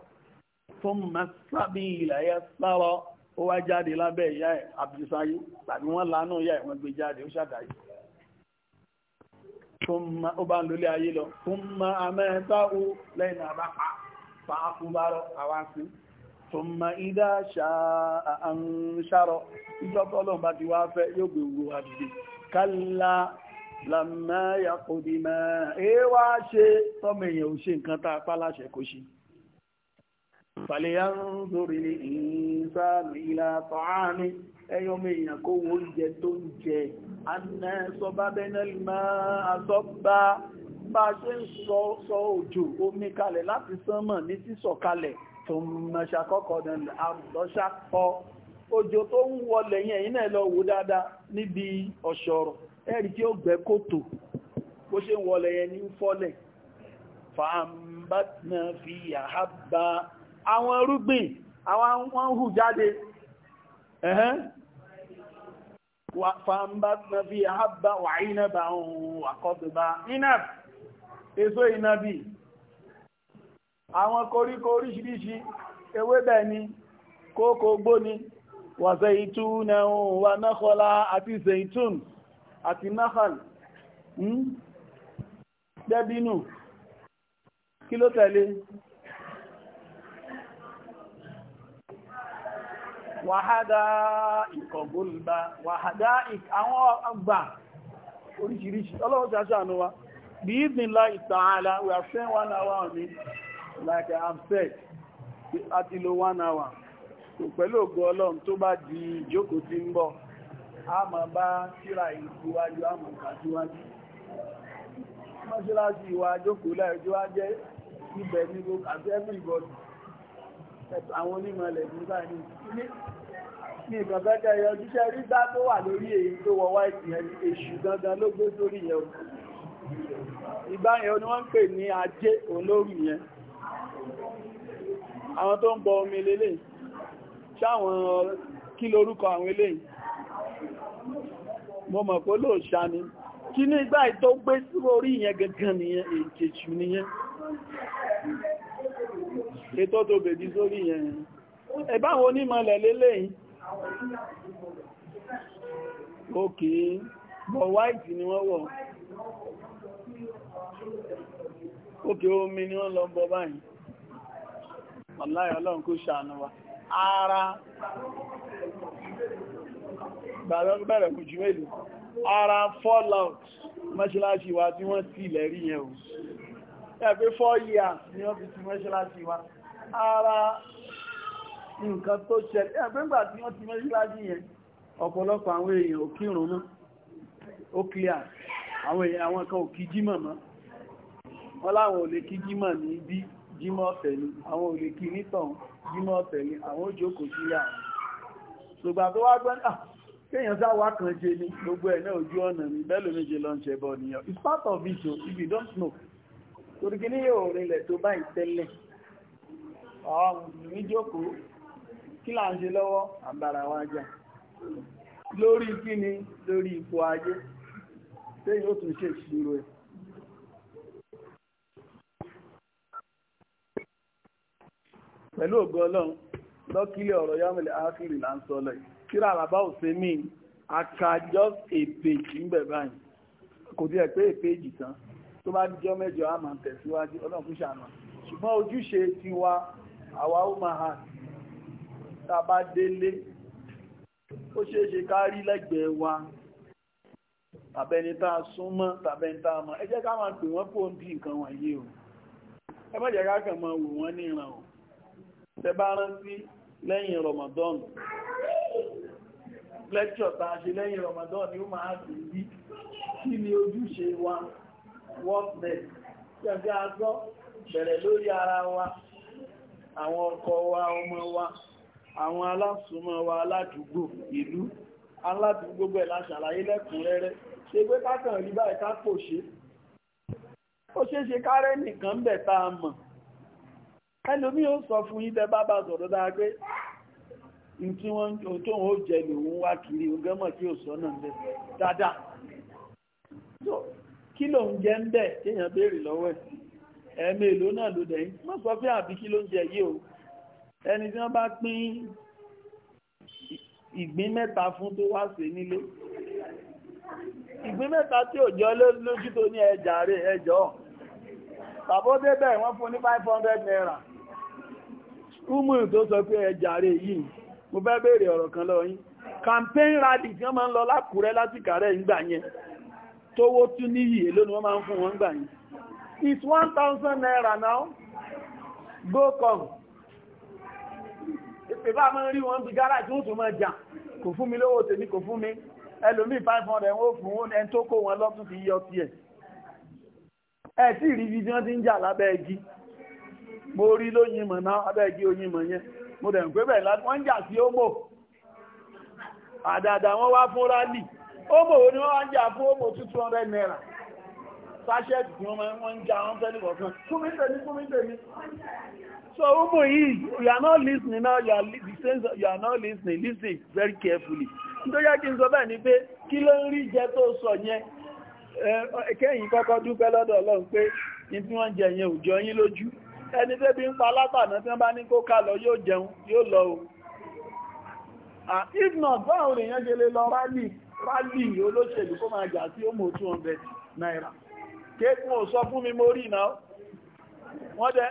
thumma sabila yassara ó wá jáde lábẹ́ ìyá ẹ̀ abdulsayi tàbí wọ́n lánà ìyá ẹ̀ wọ́n gbé jáde ó ṣàdáyé ó bá ń lólé ayé lọ thumma amatahu lẹ́yìn àbápa fàákúbárọ̀ àwáṣí thumma idha sha'a anshara ìjọ́tọ́lọ́n bá ti wá fẹ́ yóò gbé wo àdìdì kálá lamma yaqdi ma èé wá ṣe tọ́mọ èèyàn ò ṣe nǹkan tá a pa láṣẹ kó fàlẹ́yàndórí ìsáàlù ilá tọ́ánì ẹyọmọ èèyàn kó wo oúnjẹ tó ń jẹ anẹ sọba bẹ́nẹ́lì máa àsọ́gbá bá ṣe ń sọ òjò omi kalẹ̀ láti sánmọ̀ ní sísọ kalẹ̀ tó mẹ́ṣà kọ́kọ́ lọ́ṣà pọ̀ òjò tó ń wọlẹ̀ yẹn iná ẹ̀ lọ wò dáadáa níbi ọ̀ṣọ̀rọ̀ ẹ̀rí tí ó gbẹ́ kòtò bó ṣe ń wọlẹ̀ yẹn ní fọ́lẹ̀ fàmbátnà fi àhábà àwọn irúgbìn àwọn wọ́n hù jáde ẹ̀hẹ́n fàmbátná bí àhábà wà ìnàbà ohun àkọ́dùbá inab èso ìnàbì àwọn koríko oríṣiríṣi ewébẹ̀ ni kókò gbó ni wà zaitun ohun wà nákọlá àti zaitun àti náhàl hmm? dẹ́bínù kí ló tẹ̀lé wàhádá ìkọ̀gbólùbá wàhádá àwọn ọgbà we have spent one hour on it like I am said àti one hour so pẹ̀lú ògo ọlọ́run tó bá di ìjókòó tí a ma bá síra ìsíwájú a ma kà síwájú mọ́ṣáláṣí ìwà àjókòó láìjọ́ ibẹ̀ ní àti àwọn onímọ̀lẹ̀ nígbà ní ní ìgbàgbẹ́gbẹ́ ẹ̀yọ jíṣẹ́ rí dá tó wà lórí èyí tó wọ wáìtì èṣù gangan ló gbé sórí yẹn ìgbà yẹn ni wọ́n ń pè ní ajé olórí yẹn àwọn tó ń bọ omi lélẹ̀ ṣáwọn kí lórúkọ àwọn eléyìí mo mọ̀ pé lóòṣà ni kí ní ìgbà tó gbé sórí yẹn gangan nìyẹn èkèṣù nìyẹn ètò tó bèbí sórí yẹn ẹ̀báwọn onímọ̀lẹ̀ lélẹ́yìn òkè bọ̀ wáìtì ni wọ́n wọ̀ òkè omi ni wọ́n lọ bọ báyìí ọláyà ọlọ́run kó ṣàánú wa ara bẹ̀rẹ̀ kù jù mélòó ara fallout mọ́ṣáláṣí wa tí wọ́n sí ilẹ̀ rí yẹn o ẹgbẹ́ 4 years ni wọ́n fi ti mọ́ṣáláṣí ara nǹkan tó ṣẹlẹ̀ ẹgbẹ́gbà tí wọ́n ti mẹ́sílájí yẹn ọ̀pọ̀lọpọ̀ àwọn èèyàn ò kírun mọ́ ó clear àwọn èèyàn àwọn kan ò kí jímọ̀ mọ́ wọ́n láwọn ò lè kí jímọ̀ ní bí jímọ̀ ọ̀fẹ́ àwọn ò lè kí nítàn jímọ̀ ọ̀fẹ́ àwọn ò jókòó sí yà ṣùgbọ́n ah, it's part of it o if you don't know torí kí ní yóò rinlẹ̀ tó báyìí tẹ́lẹ̀ àwọn mùsùlùmí jókòó kí là ń ṣe lọ́wọ́ àbára wa jà lórí kí ni lórí ipò ayé tẹ́yìn ó tún ṣe ìṣirò ẹ̀ pẹ̀lú ògo ọlọ́run lọ́kílẹ̀ ọ̀rọ̀ yámẹ̀lẹ̀ ákìrì là ń sọ lọ yìí kíra àlàbá òsè mí àkàjọ èpèjì ń bẹ̀ báyìí kò díẹ̀ pé èpèjì tán tó bá jọ mẹ́jọ á máa tẹ̀síwájú ọlọ́run fún ṣàmà ṣùgbọ́n ojúṣe tiwa àwa ó máa hàn tàbá délé ó ṣeé ṣe ká rí lẹ́gbẹ̀ẹ́ wa tàbẹ́ni tá a súnmọ́ tàbẹ́ni tá a mọ̀ ẹ jẹ́ ká máa pè wọ́n kó ń bí nǹkan wọ̀nyí o ẹ má jẹ́ ká kàn máa wò wọ́n níran o tẹ bá rántí lẹ́yìn Ramadan lẹ́kṣọ̀ tá ṣe lẹ́yìn Ramadan ni ó máa sì bí kí ni ojúṣe wa wọ́n bẹ̀rẹ̀ lórí ara wa àwọn ọkọ wa ọmọ wa àwọn alásùnmọ́ wa aládùúgbò ìlú aládùúgbò bẹ̀ la ṣàlàyé lẹ́kùnrẹ́rẹ́ ṣe pé kákan rí báyìí ká pò ṣe ó ṣeé ṣe kárẹ́ nìkan ń bẹ̀ tá a mọ̀ ẹlòmí ó sọ fún yín tẹ́ bá bá sọ̀rọ̀ dáa pé ní tí wọ́n tó ń ó jẹ lòun wá kiri ogẹ́mọ̀ kí ò sọ náà ń bẹ dáadáa kí lòun jẹ́ ń bẹ̀ kéèyàn béèrè lọ́wọ́ ẹ̀ ẹ̀mẹ́ èlò náà ló dẹ̀ yìí mọ́ sọ pé àbí kí ló ń jẹ yìí o ẹni tí wọ́n bá pín ìgbín mẹ́ta fún tó wá sí nílé ìgbín mẹ́ta tí ò jọ lójú tó ní ẹjà rẹ̀ ẹjọ́ tàbó débẹ̀ wọ́n fún ní 500 naira kúmù tó sọ pé ẹjà rẹ̀ yìí mo fẹ́ béèrè ọ̀rọ̀ kan lọ yín campaign rally tí wọ́n máa ń lọ lákùrẹ́ láti kàrẹ́ ìgbà yẹn tówó tún níyì èló wọ́n máa ń fún wọn gbà yẹn It's 1,000 naira now. Go come. If máa ń rí wọn bí gárà tí ó tún máa jà. Kò fún mi lówó tèmi, kò fún mi. Ẹlòmí 500 ó fún ẹni tó kó wọn lọ́tún ti yọ tiẹ̀. Ẹ tí rí bí wọ́n ti ń jà lábẹ́ igi. Mo rí lóyìn mọ̀ náà, abẹ́ igi oyin mọ̀ yẹn. Mo dẹ̀ ń pé bẹ̀ láti wọ́n ń jà sí ómò. Àdàdà wọ́n wá fún rálì. Ómò wo ni wọ́n wá jà fún ómò 200 naira sáṣẹ́ẹ̀tì tí wọ́n máa wọ́n ń já wọ́n fẹ́ nìkọ̀ọ̀kan kúmítẹ̀ ní kúmítẹ̀ so umu yìí you are not listening now you are, the sense you are not listening listen very carefully nítorí kí sọ bẹ́ẹ̀ ni pé kí ló ń rí jẹ tó sọ yẹn kẹ́yìn kọ́kọ́ dúpẹ́ lọ́dọ̀ Ọlọ́run pé ní tí wọ́n jẹ yẹn ò yín lójú ẹni tẹ́bí ń pa látàná tí wọ́n bá ní kó ká lọ yóò jẹun yóò lọ o ah, if not báwo lèèyàn ṣe lè lọ rálì rálì olóṣèlú kó máa jà sí ó mọ̀ 200 náírà kéèkùn ò fún mi mo náà wọ́n jẹ́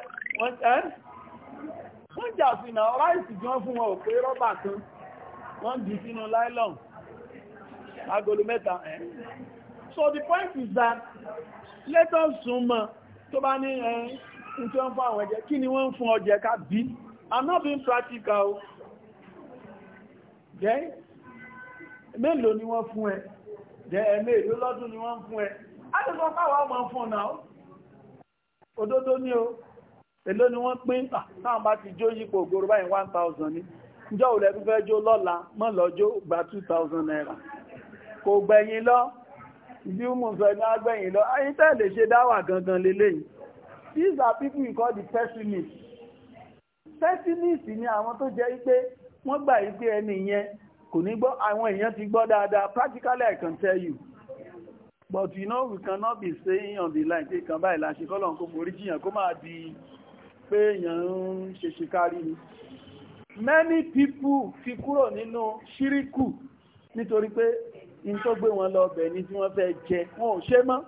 wọ́n jà sí náà ráìsì tí wọ́n fún wọn ò pé rọ́bà kan wọ́n dì sínú láìlọ́n agolo mẹ́ta ẹ̀ so the point is that let us súnmọ́ tó bá ní ẹ̀yìn tí wọ́n fún àwọn ẹ̀jẹ̀ kí ni wọ́n fún ọjẹ́ ká bí i'm not being practical jẹ́ mélòó ni wọ́n fún ẹ jẹ́ ẹ̀mẹ́ ìlú lọ́dún ni wọ́n fún ẹ a lè sọ fáwọn ọmọ fún ọ̀nà ó òdodo ní o èló ni wọ́n pín táwọn bá ti jó yípo ògoro báyìí 1000 ní ìjọ òlẹ̀ tó fẹ́ jó lọ́la mọ́ lọ́jọ́ gba 2000 naira kò gbẹ̀yìn lọ ìdí mùsọ̀ ní agbẹ̀yìn lọ ayé tẹ́ lè ṣe dáwà gangan lélẹ́yìn these are people you call the pessimists pessimists ni àwọn tó jẹ́ wípé wọ́n gbà wípé ẹni yẹn kò ní gbọ́ àwọn èèyàn ti gbọ́ dáadáa practically I can tell you But you know, we cannot be saying on the line, pé kan báyìí la ṣe kọ́lọ̀ kó forí jìyàn kó máa di pé Many people fi kúrò nínú ṣíríkù nítorí pé in tó gbé wọn lọ bẹ̀ ni tí wọ́n fẹ́ jẹ, wọn ò ṣe mọ́.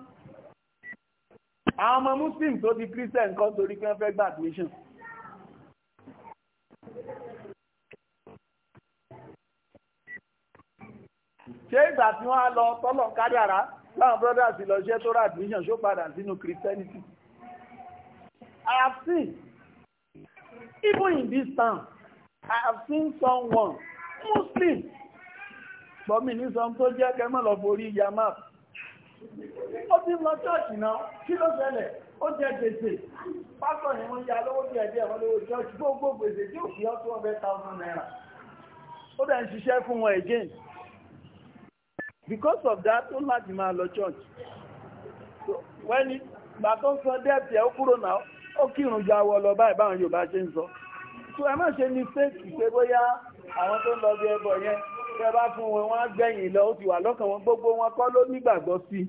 Àwọn Muslim so the Christian kan torí pé wọ́n fẹ́ gba admission. Ṣé ìgbà tí wọ́n á lọ tọ́lọ̀ láwọn brothers lọ ṣẹ́ tó rà admission ṣó padà sínú Christianity I have seen even in this town I have seen someone Muslim gbọ́mí ní sọ tó jẹ́ kẹmọ́ lọ forí yamap ó ti lọ chọ́ọ̀chì náà kí ló ṣẹlẹ̀ ó jẹ́ gbèsè pásọ̀ ni wọ́n ya lówó bí ẹ̀dẹ́ ẹ̀wọ́n lówó chọ́ọ̀chì gbogbo gbèsè tí ò fi ọ́ 200,000 naira ó dẹ̀ ń ṣiṣẹ́ fún wọn again because of that ó láti máa lọ church so when ìgbà tó ń sọ dẹ́ẹ̀tì ẹ̀ ó kúrò náà ó kírun ju awọ lọ báyìí báwọn Yorùbá ṣe ń sọ so ẹ má ṣe mistake pé bóyá àwọn tó ń lọ bí ẹbọ yẹn tẹ bá fún wọn wọn á gbẹ̀yìn lọ ó ti wà lọ́kàn wọn gbogbo wọn kọ́ ló nígbàgbọ́ sí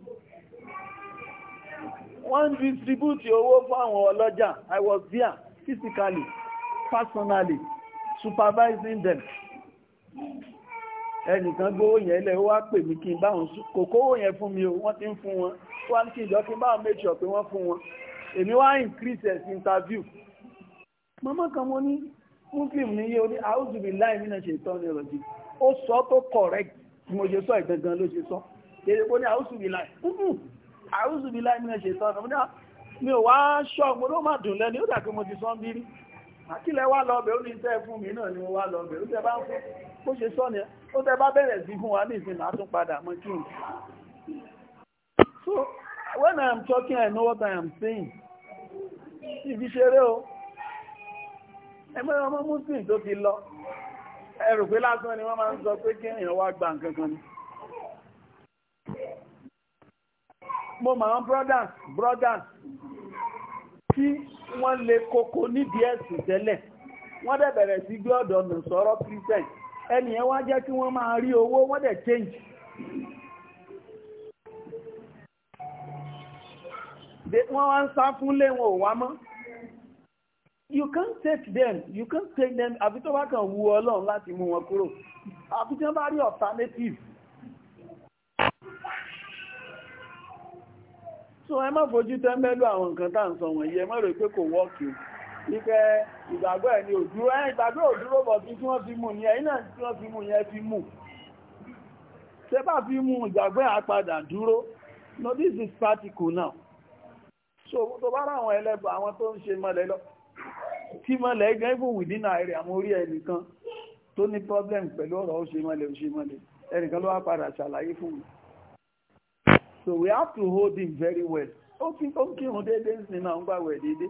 wọ́n ń distribute owó fún àwọn ọlọ́jà I was there physically personally supervising them ẹnìkan gbówó yẹn lẹ̀ ó wá pè mí kí n bá wọn kòkówó yẹn fún mi o wọ́n ti ń fún wọn ó wá ní kí ìjọ kí n bá wọn make sure pé fún wọn èmi wá increase ẹ̀sìn interview mọ́mọ́ kan mo ní muslim ní yé o ní àwùjọbí láì nínú ṣe ìtọ́ni ọ̀rọ̀ jù ó sọ tó correct bí mo ṣe sọ ìgangan ló ṣe sọ èdè kò ní àwùjọbí láì àwùjọbí láì nínú ṣe ìtọ́ni ọ̀rọ̀ mi ò wá ṣọ́ mo ló má dùn lẹ́ni ó dà pé mo ti sọ ń bírí àkílẹ̀ wá lọ ó ní tẹ́ fún mi náà ni mo wá lọ ó tẹ́ bá ń fún bó ṣe sọ ni ó tẹ́ bá bẹ̀rẹ̀ sí fún wa ní ìsinmi àtún padà mọ́ kí n so when I am talking i know what i am saying ibi ṣeré o ẹgbẹ́ ọmọ muslim tó ti lọ ẹrù pé lásán ni wọ́n máa ń sọ pé kí èèyàn wá gba nǹkan kan ni mo mọ̀ àwọn brothers brothers tí wọ́n lè koko nídìí ẹ̀sìn tẹ́lẹ̀ wọ́n dẹ̀ bẹ̀rẹ̀ sí gbé ọ̀dọ̀ nù sọ̀rọ̀ christian ẹni wá jẹ́ kí wọ́n máa rí owó wọ́n dẹ̀ change wọ́n wá ń sá fúnlé wọn ò wá mọ́ you can't take them you can't take them àfi tó kàn wu ọlọ́run láti mú wọn kúrò àfi tí wọ́n bá rí alternative so ẹ má fojú tẹ́ńbẹ́lú àwọn nǹkan tá à ń sọ wọ̀nyí ẹ kò wọ́ọ̀kì o. ìfẹ́ ìgbàgbọ́ ẹ̀ ni òdúró ẹ̀ ìgbàgbọ́ òdúró bọ̀ tí wọ́n fi mú ní ẹ̀yìn náà tí wọ́n fi mú yẹn fi mú ṣe bá fi mú ìgbàgbọ́ àpadà dúró no this is practical now so tó bá ráwọn ẹlẹ́bọ̀ àwọn tó ń ṣe mọ́lẹ̀ lọ tí mọ́lẹ̀ gan even within ààrẹ àwọn orí ẹnìkan tó ní problem pẹ̀lú ọ̀rọ̀ ó ṣe mọ́lẹ̀ ó ṣe mọ́lẹ̀ ẹnìkan ló wá padà ṣàlàyé fún mi so we have to hold him very well ó kí ó déédéé sí náà ń gbàwẹ̀ déédéé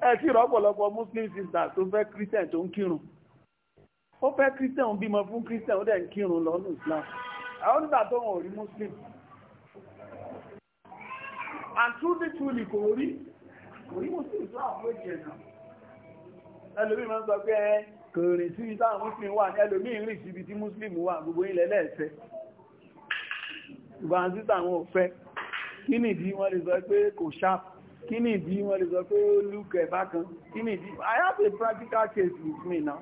ẹ ti rọ́pọ̀lọpọ̀ muslim sisters tó fẹ́ christian tó ń kírun ó fẹ́ christian bímọ fún christian ó dẹ̀ ń kírun lọ́nà islam àwọn nígbà tó wọn ò rí muslim and truly truly kò rí kò rí muslim islam ló jẹ náà ẹlòmí máa ń sọ pé ẹ kò rìn sí ibi táwọn muslim wà ní ẹlòmí rìn síbi tí muslim wà gbogbo ilẹ̀ lẹ́ẹ̀fẹ́ ìgbà àti táwọn ò fẹ́ kí nìdí wọ́n lè sọ pé kò ṣáàpù kí ni ìdí wọ́n lè sọ pé ó bákan kí ìdí I have a practical case with me now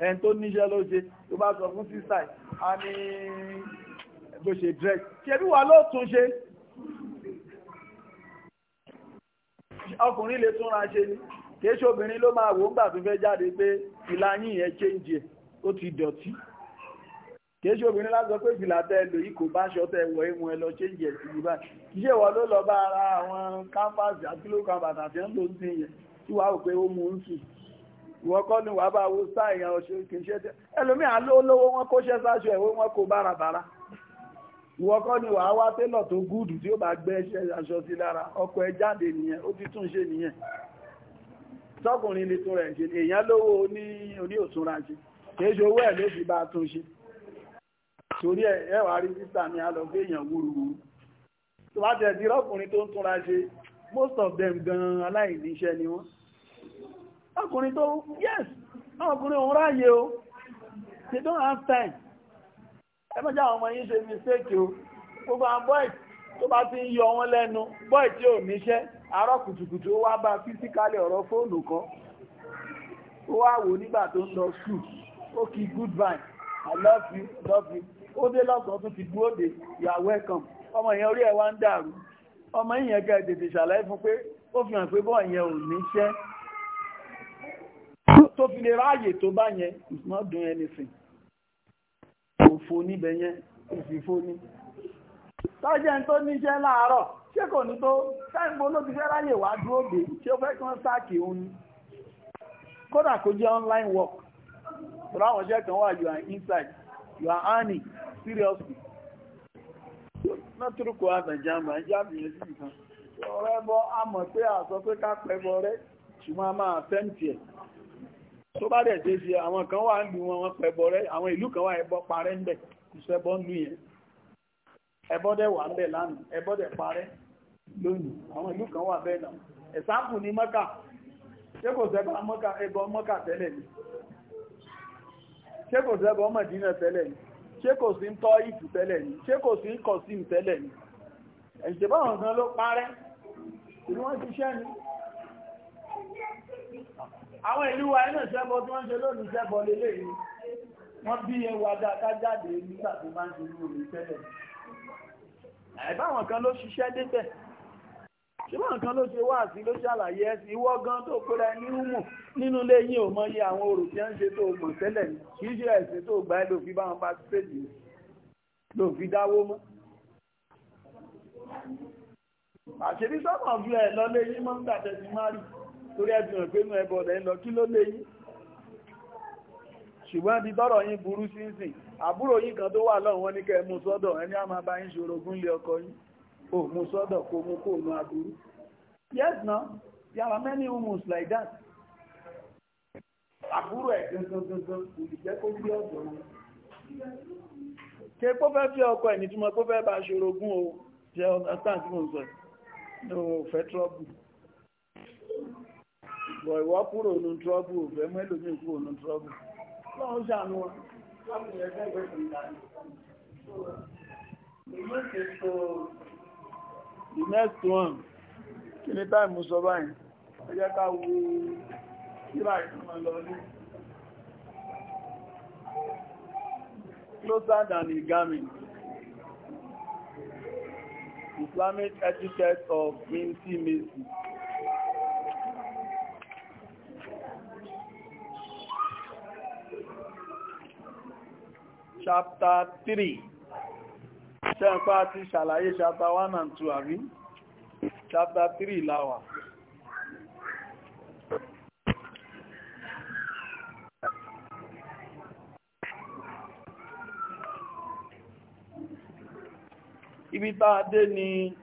ẹn tó níṣẹ́ ló ṣe tó bá sọ fún sísà a ní bó ṣe dress ṣe bí wà ló tún ṣe ọkùnrin lè túnra ṣe ni kìí ṣe obìnrin ló máa wò ń gbà tó fẹ́ jáde pé ìlàyìn yẹn change ẹ̀ ó ti dọ̀tí kìí ṣe obìnrin lásọ pé fìlà tẹ lò yìí kò bá aṣọ tẹ wọ ìmú ẹ lọ ṣéǹjì ẹsì yìí báyìí kìí ṣe ìwọ ló lọ bá ara àwọn kámpáàsì àti lókan bàtà tí ń lò ń sìn yẹn tí wàá rò pé ó mú ń sùn ìwọ kọ́ ni wàá bá wo sáà ìyàn ọ̀ṣẹ́ kìí ṣe tẹ ẹlòmíà lówó wọn kó ṣẹ́ sáṣọ ẹ̀ wọn kó bárabàrà ìwọ kọ́ ni wàá wá télọ̀ tó gúdù tí ó bá gbẹ́ iṣẹ́ aṣọ sí lára ọkọ ẹ jáde nìyẹn ó ti tún ṣe nìyẹn tọkùnrin ni tún rẹ̀ torí ẹ̀ ẹwà rí sísà ní alọ́gbé èèyàn wúruwú tó bá tẹ̀ sí ọkùnrin tó ń túnra ṣe most of them gan-an aláìníṣẹ́ ni wọ́n ọkùnrin tó yes ọkùnrin òun ráyè o they don't have time ẹ mọ́jà àwọn ọmọ yìí ṣe mistake o gbogbo àwọn boys tó bá ti ń yọ wọn lẹ́nu boy tí ò níṣẹ́ àárọ̀ kùtùkùtù ó wá bá físíkálì ọ̀rọ̀ fóònù kan ó wá wò nígbà tó ń lọ school ó kí goodbye i love you love you ó dé lọ́sàn tún ti dúró you are welcome ọmọ yẹn orí ẹ̀ wá ń dàrú ọmọ yẹn kẹ́ tètè ṣàlàyé fún pé ó fi hàn pé bọ́ yẹn ò níṣẹ́ tó fi lè ráàyè tó bá yẹn it's not doing anything òfò níbẹ̀ yẹn òfìfò ní tọ́jẹ́ tó níṣẹ́ láàárọ̀ ṣé kò ní tó táìmù ló ti fẹ́ ráyè wá dúró dé ó fẹ́ kí wọ́n sáàkì òun ni kódà kó jẹ́ online work tọ́lá àwọn iṣẹ́ kan wà you are inside you are earning seriously mẹ́tòrókò àtàjà máa ń yáàbì ya sí nǹkan ọ̀rẹ́ bọ́ a mọ̀ pé a pé ká ṣùgbọ́n a máa fẹ́ǹtì ẹ̀ tó bá dẹ̀ ṣe ṣe àwọn kan wà lù wọn wọn pẹ́ bọ́ àwọn ìlú kan wà ẹbọ parẹ́ ń bẹ̀ kò sẹ́bọ́ nù yẹn ẹbọ dẹ̀ wà ń bẹ̀ lánàá ẹbọ dẹ̀ parẹ́ lónìí àwọn ìlú kan wà bẹ́ẹ̀ náà ẹ̀sáǹpù ní mọ́kà ṣé kò sẹ́bọ̀ mọ́kà tẹ́lẹ̀ ni ṣé kò sẹ́bọ̀ mọ̀dínà tẹ́lẹ̀ ni ṣé kò sí ń tọ́ ìfù tẹ́lẹ̀ ni ṣé kò sí ń kọ̀ sí ìtẹ́lẹ̀ ni ẹ̀ṣẹ̀ báwọn gan ló parẹ́ ìlú wọn ṣiṣẹ́ ni àwọn ìlú wa iná ìṣẹ́bọ tí wọ́n ṣe lónìí ìṣẹ́bọ lélẹ̀ ni wọ́n bí ẹwà dáadáa jáde nígbà tó máa ń ṣe lórí tẹ́lẹ̀ ẹ̀báwọn kan ló ṣiṣẹ́ débẹ̀ ṣùgbọ́n nǹkan ló ṣe wá àti ló ṣàlàyé ẹ̀sìn ìwọ gan tó kóra ẹni húmù nínú ilé yín ò mọ iye àwọn orò tí wọ́n ń ṣe tó mọ̀ tẹ́lẹ̀ ní kì í ṣe ẹ̀sìn tó gbà ẹ́ ló fi báwọn pàṣípèjì ló fi dáwó mọ́. àṣírí sọ́kàn fi ẹ̀ lọ lé yín mọ́ nígbà tẹ̀sí márì torí ẹ̀sìn rẹ̀ pé inú ẹbọ rẹ̀ ń lọ kí ló lé yín. ṣùgbọ́n ti tọrọ yín burú sínsìn àbúrò yín kan tó wà lọ́wọ́ ní kẹ́ mú sọ́dọ̀ ẹni á máa bá yín ṣòro gúnlé ọkọ yín almost oh, mú sọ́dọ̀ kó no, kó nu aburú yes na there are many humans like that àbúrò ẹ̀ gangan kò lè jẹ́ kó gbé ọ̀dọ̀ wọn kí kó fẹ́ fi ọkọ ẹ̀ nìtúmọ̀ kó fẹ́ bá ṣorogún o jẹ́ ọ̀sán tí mo sọ ní o fẹ́ trọ́bù bọ̀ ìwọ kúrò ní trọ́bù o fẹ́ mẹ́lò ní kúrò ní trọ́bù lọ́wọ́ ṣàánú wọn láti ẹgbẹ́ ìgbẹ́ ìgbẹ́ ìgbẹ́ the next one kí ni táì mú sọ báyìí ẹ jẹ́ ká wo closer than the igami Islamic etiquette of intimacy chapter 3 ṣẹ́ǹpá ti ṣàlàyé chapter 1 and 2 àrí chapter 3 láwà ibi tá a dé ni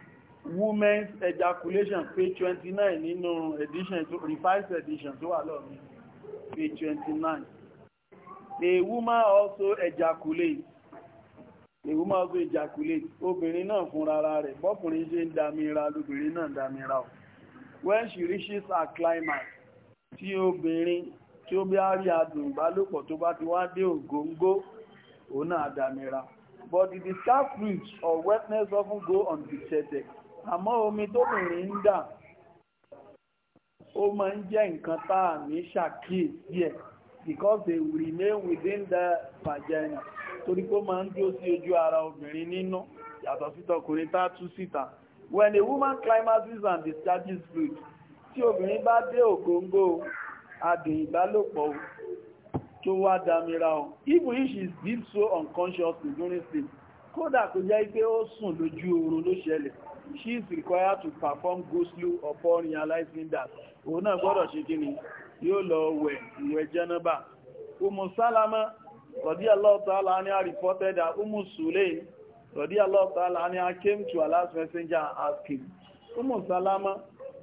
women's ejaculation page 29 nínú edition revised edition tó wà lọ́ọ̀mí page 29 a woman also ejaculates the woman go ejaculate obìnrin náà fúnra rẹ̀ bọ́kùnrin ṣe ń damira lóbìnrin náà damira o when she reaches her climax tí obìnrin tí ó bí àárí adùn ìbálòpọ̀ tó bá ti wá dé ògóńgó òun náà damira but the discomfort or wetness often go undetected àmọ́ omi tóbìnrin ń dà ó máa ń jẹ́ nǹkan tá à ní ṣàkíyèsí ẹ̀ because they remain within the vagina torí pé máa ń dúró sí ojú ara obìnrin nínú yàtọ̀ sí tọkùnrin tá tú síta when a woman climaxes and discharges fluid tí obìnrin bá dé ògóńgó adùn ìbálòpọ̀ tó wá dámira o even if she is deep so unconscious during sleep kódà kò jẹ́ pé ó sùn lójú oorun ló ṣẹlẹ̀ she is required to perform ghusl upon realizing that òun náà gbọ́dọ̀ ṣe kí ni yóò lọ wẹ̀ ìwẹ̀ jẹ́nàbà Umu Salama radiyallahu ta'ala anha reported that Umm Sulaym radiyallahu ta'ala anha came to Allah's messenger and asked him Umm Salama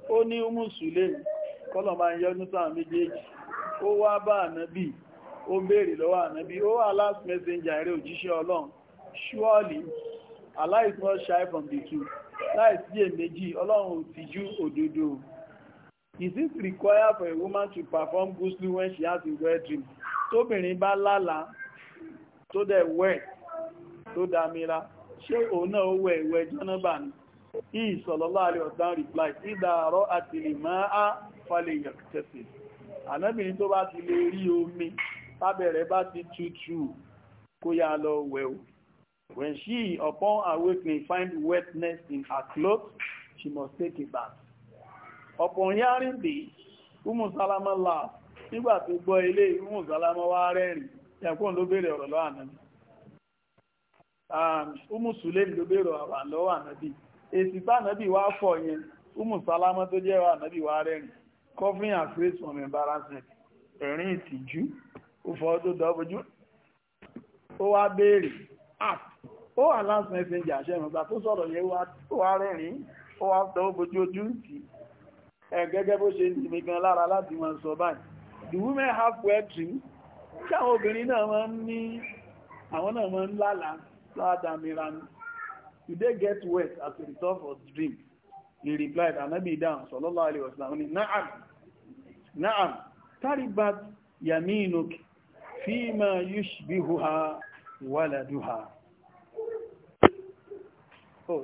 ó ní Umm Sulaym kọ́lọ̀mà yọ́nú sáà méjèèjì ó wá bá ànábì ó béèrè lọ́wọ́ ànábì ó Allah's messenger eré òjíṣẹ́ ọlọ́run surely Allah is not shy from the truth láìsí èméjì ọlọ́run ò tìjú òdodo Is it required for a woman to perform ghusl when she has a wet dream? Tóbìnrin bá lálàá tó dẹ̀ wẹ̀ tó dámira ṣé òun náà wẹ̀ ìwẹ̀ jọ́nàbà ní sallallahu alaihi wasallam reply ìdá àárọ̀ àti lè máa á falẹ̀ yẹ̀kẹ́sì ànábìnrin tó bá ti lè rí omi tábẹ̀rẹ̀ bá ti tutù kó yá lọ wẹ̀ o when she upon awakening find wetness in her clothes she must take a bath upon hearing this umu salama laugh nígbà tó gbọ́ ilé umu salama wá rẹ́rìn ẹ̀kọ́ ló béèrè ọ̀rọ̀ lọ́wọ́ ànábì umu ló béèrè ọ̀rọ̀ lọ́wọ́ ànábì èsì tá ànábì wá fọ̀ yẹn umu tó jẹ́ ọ̀rọ̀ ànábì wá rẹ́rìn covering and face from embarrassment ẹ̀rín ìtìjú ó fọ́ tó dọ́bojú ó wá béèrè ó wà last messenger ṣẹ́nu gbà tó sọ̀rọ̀ yẹn ó wá rẹ́rìn ó wá tọ́ bojú ojú ìtì ẹ̀ gẹ́gẹ́ bó ṣe ń dìmí gan lára láti wọn sọ báyìí the women have well trimmed tí àwọn obìnrin náà máa ń ní àwọn náà máa ń lálà ládàmíra ní you dey get wet as a result of drink he replied anabi idan sallallahu alaihi wasallam ni na'am na'am taribat yaminuk fima yushbihuha waladuha oh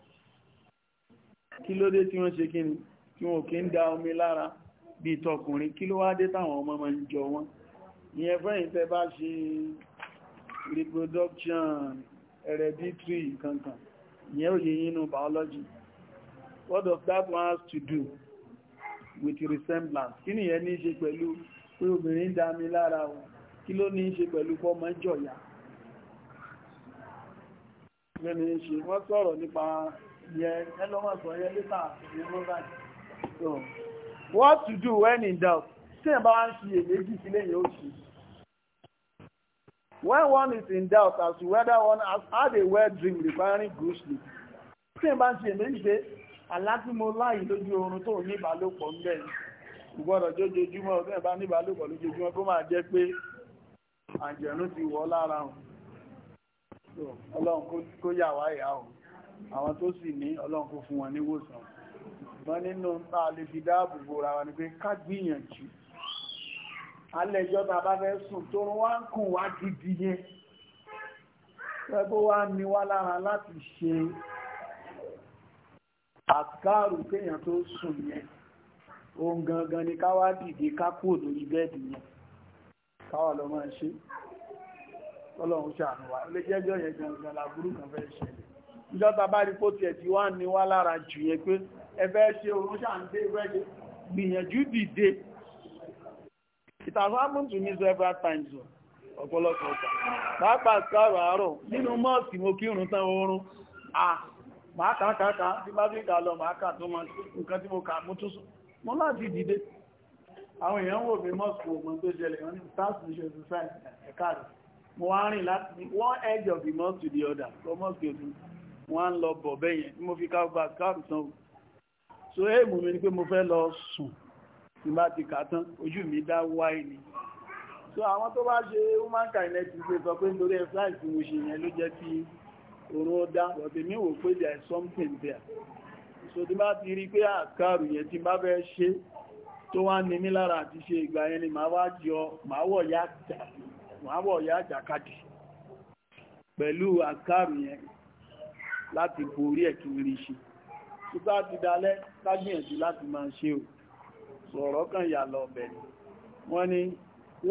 kí ló dé tí wọ́n ṣe kíni tí wọ́n kí ń da omi lára bí tọkùnrin kí ló wá dé táwọn ọmọ ma ń jọ wọn ìyẹn fẹ́yìn tẹ́ bá ṣe reproduction hereditary kankan ìyẹn òye yínú biology what does that one has to do with resemblance kí ni ìyẹn ní ṣe pẹ̀lú pé obìnrin dá mi lára o kí ló ní ṣe pẹ̀lú bọ́mọ jọ̀yà lẹ́nu ṣe wọ́n sọ̀rọ̀ nípa What to do when in doubt? Tí ẹ̀ bá wá ń ṣe èméjì When one is in doubt as to whether one has had a well dream requiring good sleep. Tí ẹ̀ bá ń ṣe èméjì pé alágbímọ láì lójú oorun tó ní ìbálòpọ̀ ń bẹ̀. Ìgbọ́dọ̀ jójoojúmọ́ ọ̀fẹ́ bá ní ìbálòpọ̀ lójoojúmọ́ kó máa jẹ́ pé àjẹ̀nú ti wọ̀ lára hàn. Ọlọ́run kó yà wá ìyá òun àwọn tó sì ní Ọlọ́run kó fún wọn níwòsàn bọ́n nínú tá a lè fi dáàbò bo ara wa ni pé ká gbìyànjú alẹ́jọ́ tá a bá fẹ́ sùn tó wá ń kùn wá gidi yẹn ẹgbó wá ní wá lára láti ṣe àkárù kéèyàn tó sùn yẹn ohun gangan ni ká wá dìde ká kúrò lórí bẹ́ẹ̀dì yẹn káwà lọ máa ṣe ọlọ́run ṣàánú wa lè jẹ́jọ́ yẹn gangan làbúrú kan fẹ́ ṣẹlẹ̀ ìjọta bá rí pòtì ẹ̀tì wá ní wá lára jù yẹn pé ẹfẹ́ ṣe oòrùn ṣàǹdé rẹ́gbẹ́ gbìyànjú dìde it has happened to me several times ọ̀pọ̀lọpọ̀ ọ̀pá pàápàá sọ́rọ̀ àárọ̀ nínú mọ́ọ̀sì mo kírun tán oorun ah máa kàákàá tí bá fi kà lọ máa kà tó máa nǹkan tí mo kà mú tún sùn mo láti dìde àwọn èèyàn wò mí mọ́ọ̀sì ògùn tó jẹlẹ̀ wọn ní stars nation society ẹ̀ka rẹ̀ mo wá rìn láti one edge of the mosque to the other from mosque to wọ́n ń lọ bọ̀ bẹ́yẹn mo fi káàkùbà káàkù tán so èèmù mi ni pé mo fẹ́ lọ sùn tí bá ti kà ojú mi dá wáì ni so àwọn tó bá ṣe human kinetics ṣe sọ pé nítorí exercise tí mo ṣe yẹn ló jẹ́ kí oorun dá but èmi wò pé there is something there so tí bá ti rí pé àkàrù yẹn tí bá fẹ́ ṣe tó wá ní mí lára àti ṣe ìgbà yẹn ni màá wá jọ màá wọ̀ yá àjàkadì pẹ̀lú àkàrù yẹn láti borí ẹ̀kí rí ṣe ṣùgbá ti dalẹ́ lágbìyànjú láti máa ṣe ò sọ̀rọ̀ kan yà lọ bẹ̀rẹ̀ wọ́n ni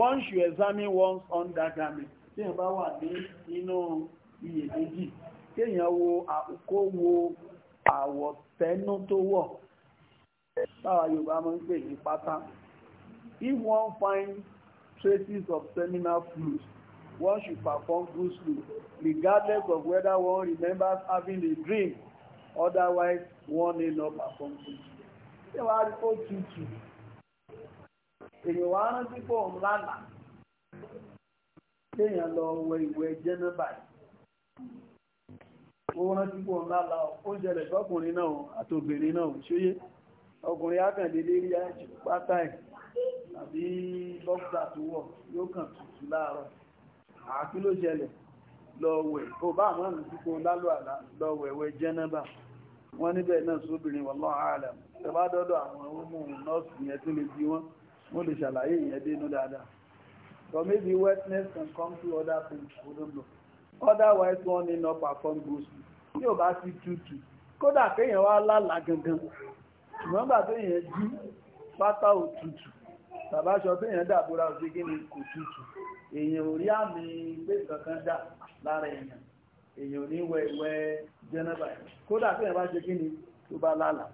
once you examine one's undergarment tí èyàn bá wà ní inú iye méjì kéèyàn wo àkókò wo àwọ̀tẹ́nú tó wọ̀ táwa Yorùbá máa ń pè ní pátá if one finds traces of seminal fluid one should perform ghusl regardless of whether one remembers having a dream otherwise one may not perform ghusl. ṣé wàá rí kó tutù èèyàn wàá rántí pé òun lánàá kéèyàn lọ wẹ ìwẹ̀ jẹ́nẹ́bà ó rántí pé òun lánàá ó jẹlẹ̀ sọ́kùnrin náà àtòbìnrin náà ṣóyé ọkùnrin akàndínlé rí pátá ẹ̀ tàbí bọ́ksà tó wọ̀ yóò kàn tutù láàárọ̀ àti ló ṣẹlẹ̀ lọ́wẹ̀ kò bá àmọ́rùn tí kò lálò àlá lọ́wẹ̀wẹ̀ jẹ́nẹ́bà wọ́n níbẹ̀ náà sóbìnrin wallahu a'lam tẹbá dọ́dọ̀ àwọn ọmọ nọ́ọ̀sì yẹn tó lè bí wọ́n wọ́n lè ṣàlàyé ìyẹn dénú dáadáa but maybe wetness can come through other things we don't know otherwise one need not perform grossly tí ò bá sí tútù kódà kéèyàn wá lálà gangan ṣùgbọ́n gbà tó yẹn jí pátá òtútù tàbáṣọ tó yẹn dàbúrà òṣèkí ni kò tútù èèyàn ò rí àmì pé kankan dà lára èèyàn èèyàn ní wẹ̀wẹ̀ jẹ́nẹ́bà kódà tí èèyàn bá ṣe kí ni tó bá lálà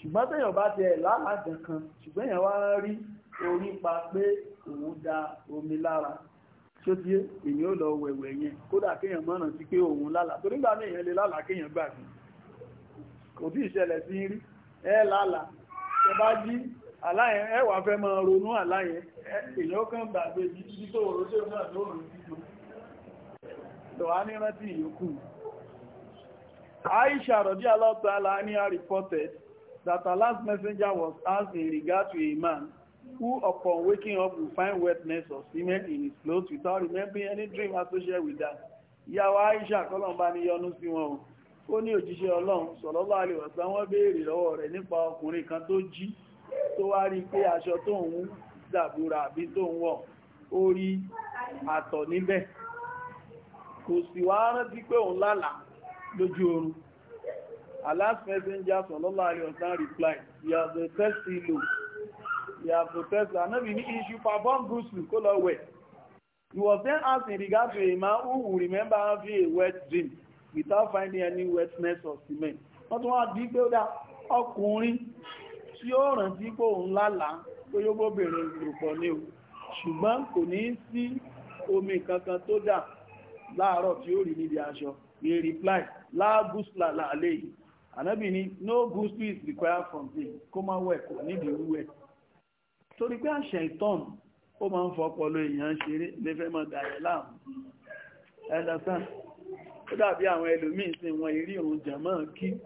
ṣùgbọ́n tí èèyàn bá ti ẹ̀ lálà gankan ṣùgbọ́n èèyàn wá rí orí pa pé òun da omi lára tó tí èèyàn ò lọ wẹ̀wẹ̀ yẹn kódà kéèyàn mọ̀ràn sí pé òun lálà torí gbà mí èèyàn lè lálà kéèyàn gbàgbé kò bí ìṣẹ̀lẹ̀ sí rí ẹ lálà ẹ bá jí aláyẹn ẹwà fẹ́ máa ronú aláyẹn èyàn kan gbàgbé bí tó oró tí ó náà lóòrùn títò lọ́wà ní rántí ìyókù Aisha rọ̀dí alọ́tàlá ní a reported that her last messenger was asked in regard to a man who upon waking up will find wetness or semen in his clothes without remembering any dream associated with that. Ìyàwó Aisha kọ́lọ̀mbá ní yọnú sí wọn o. Ó ní òjíṣẹ́ Ọlọ́run, sallallahu alaihi wasallam wọ́n béèrè lọ́wọ́ rẹ̀ nípa ọkùnrin kan tó jí tó wá rí pé aṣọ tó ń dàbúrà àbí tó ń wọ̀ ó rí àtọ̀ níbẹ̀ kò sì wá rántí pé òun lálà lójú oorun Allah's messenger sallallahu alaihi wasallam replied you have the test ilo you have the test anabi ní iṣu perform ghusl kó lọ wẹ̀ he was then asked in regard to a man who would remember having a wet dream without finding any wetness of cement wọ́n tún wá dí pé ó dá ọkùnrin sí ó rántí pé òun lálàá pé yóò bóbìnrin lòpọ̀ ní o ṣùgbọ́n kò ní sí omi kankan tó dà láàárọ̀ tí ó rí níbi aṣọ lè reply láàgùsùlà làálẹ̀ yìí ànábì ni no guslu is required from me kó má wẹ̀ kò nídìí wíwẹ̀ torí pé àṣẹ ìtọ́n ó máa ń fọpọlọ èèyàn ṣeré lè fẹ́ máa dàrẹ̀ láàmú ẹ̀dàsán ó dàbí àwọn ẹlòmíín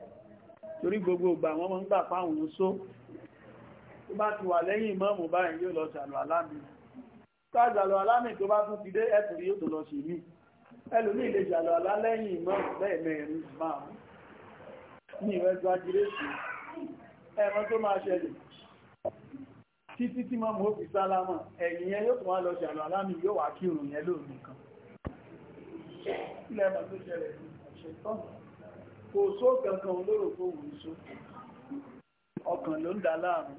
torí gbogbo ìgbà wọn máa ń gbà fáwọn oṣó tó bá ti wà lẹ́yìn ìmọ̀ọ̀mù báyìí yóò lọ ṣàlù alámi tó àjàlù alámi tó bá tún ti dé ẹ̀tùrí yóò tó lọ ṣe mí ẹlòmíì lè ṣàlù alá lẹ́yìn ìmọ̀ọ̀mù lẹ́ẹ̀mẹ́rin máa ní ìrẹ́jọ ajíréṣì ẹ̀mọ́ tó máa ṣẹlẹ̀ títí tí mọ́ kò só kankan olóró tó wù só ọkàn ló ń dá láàrin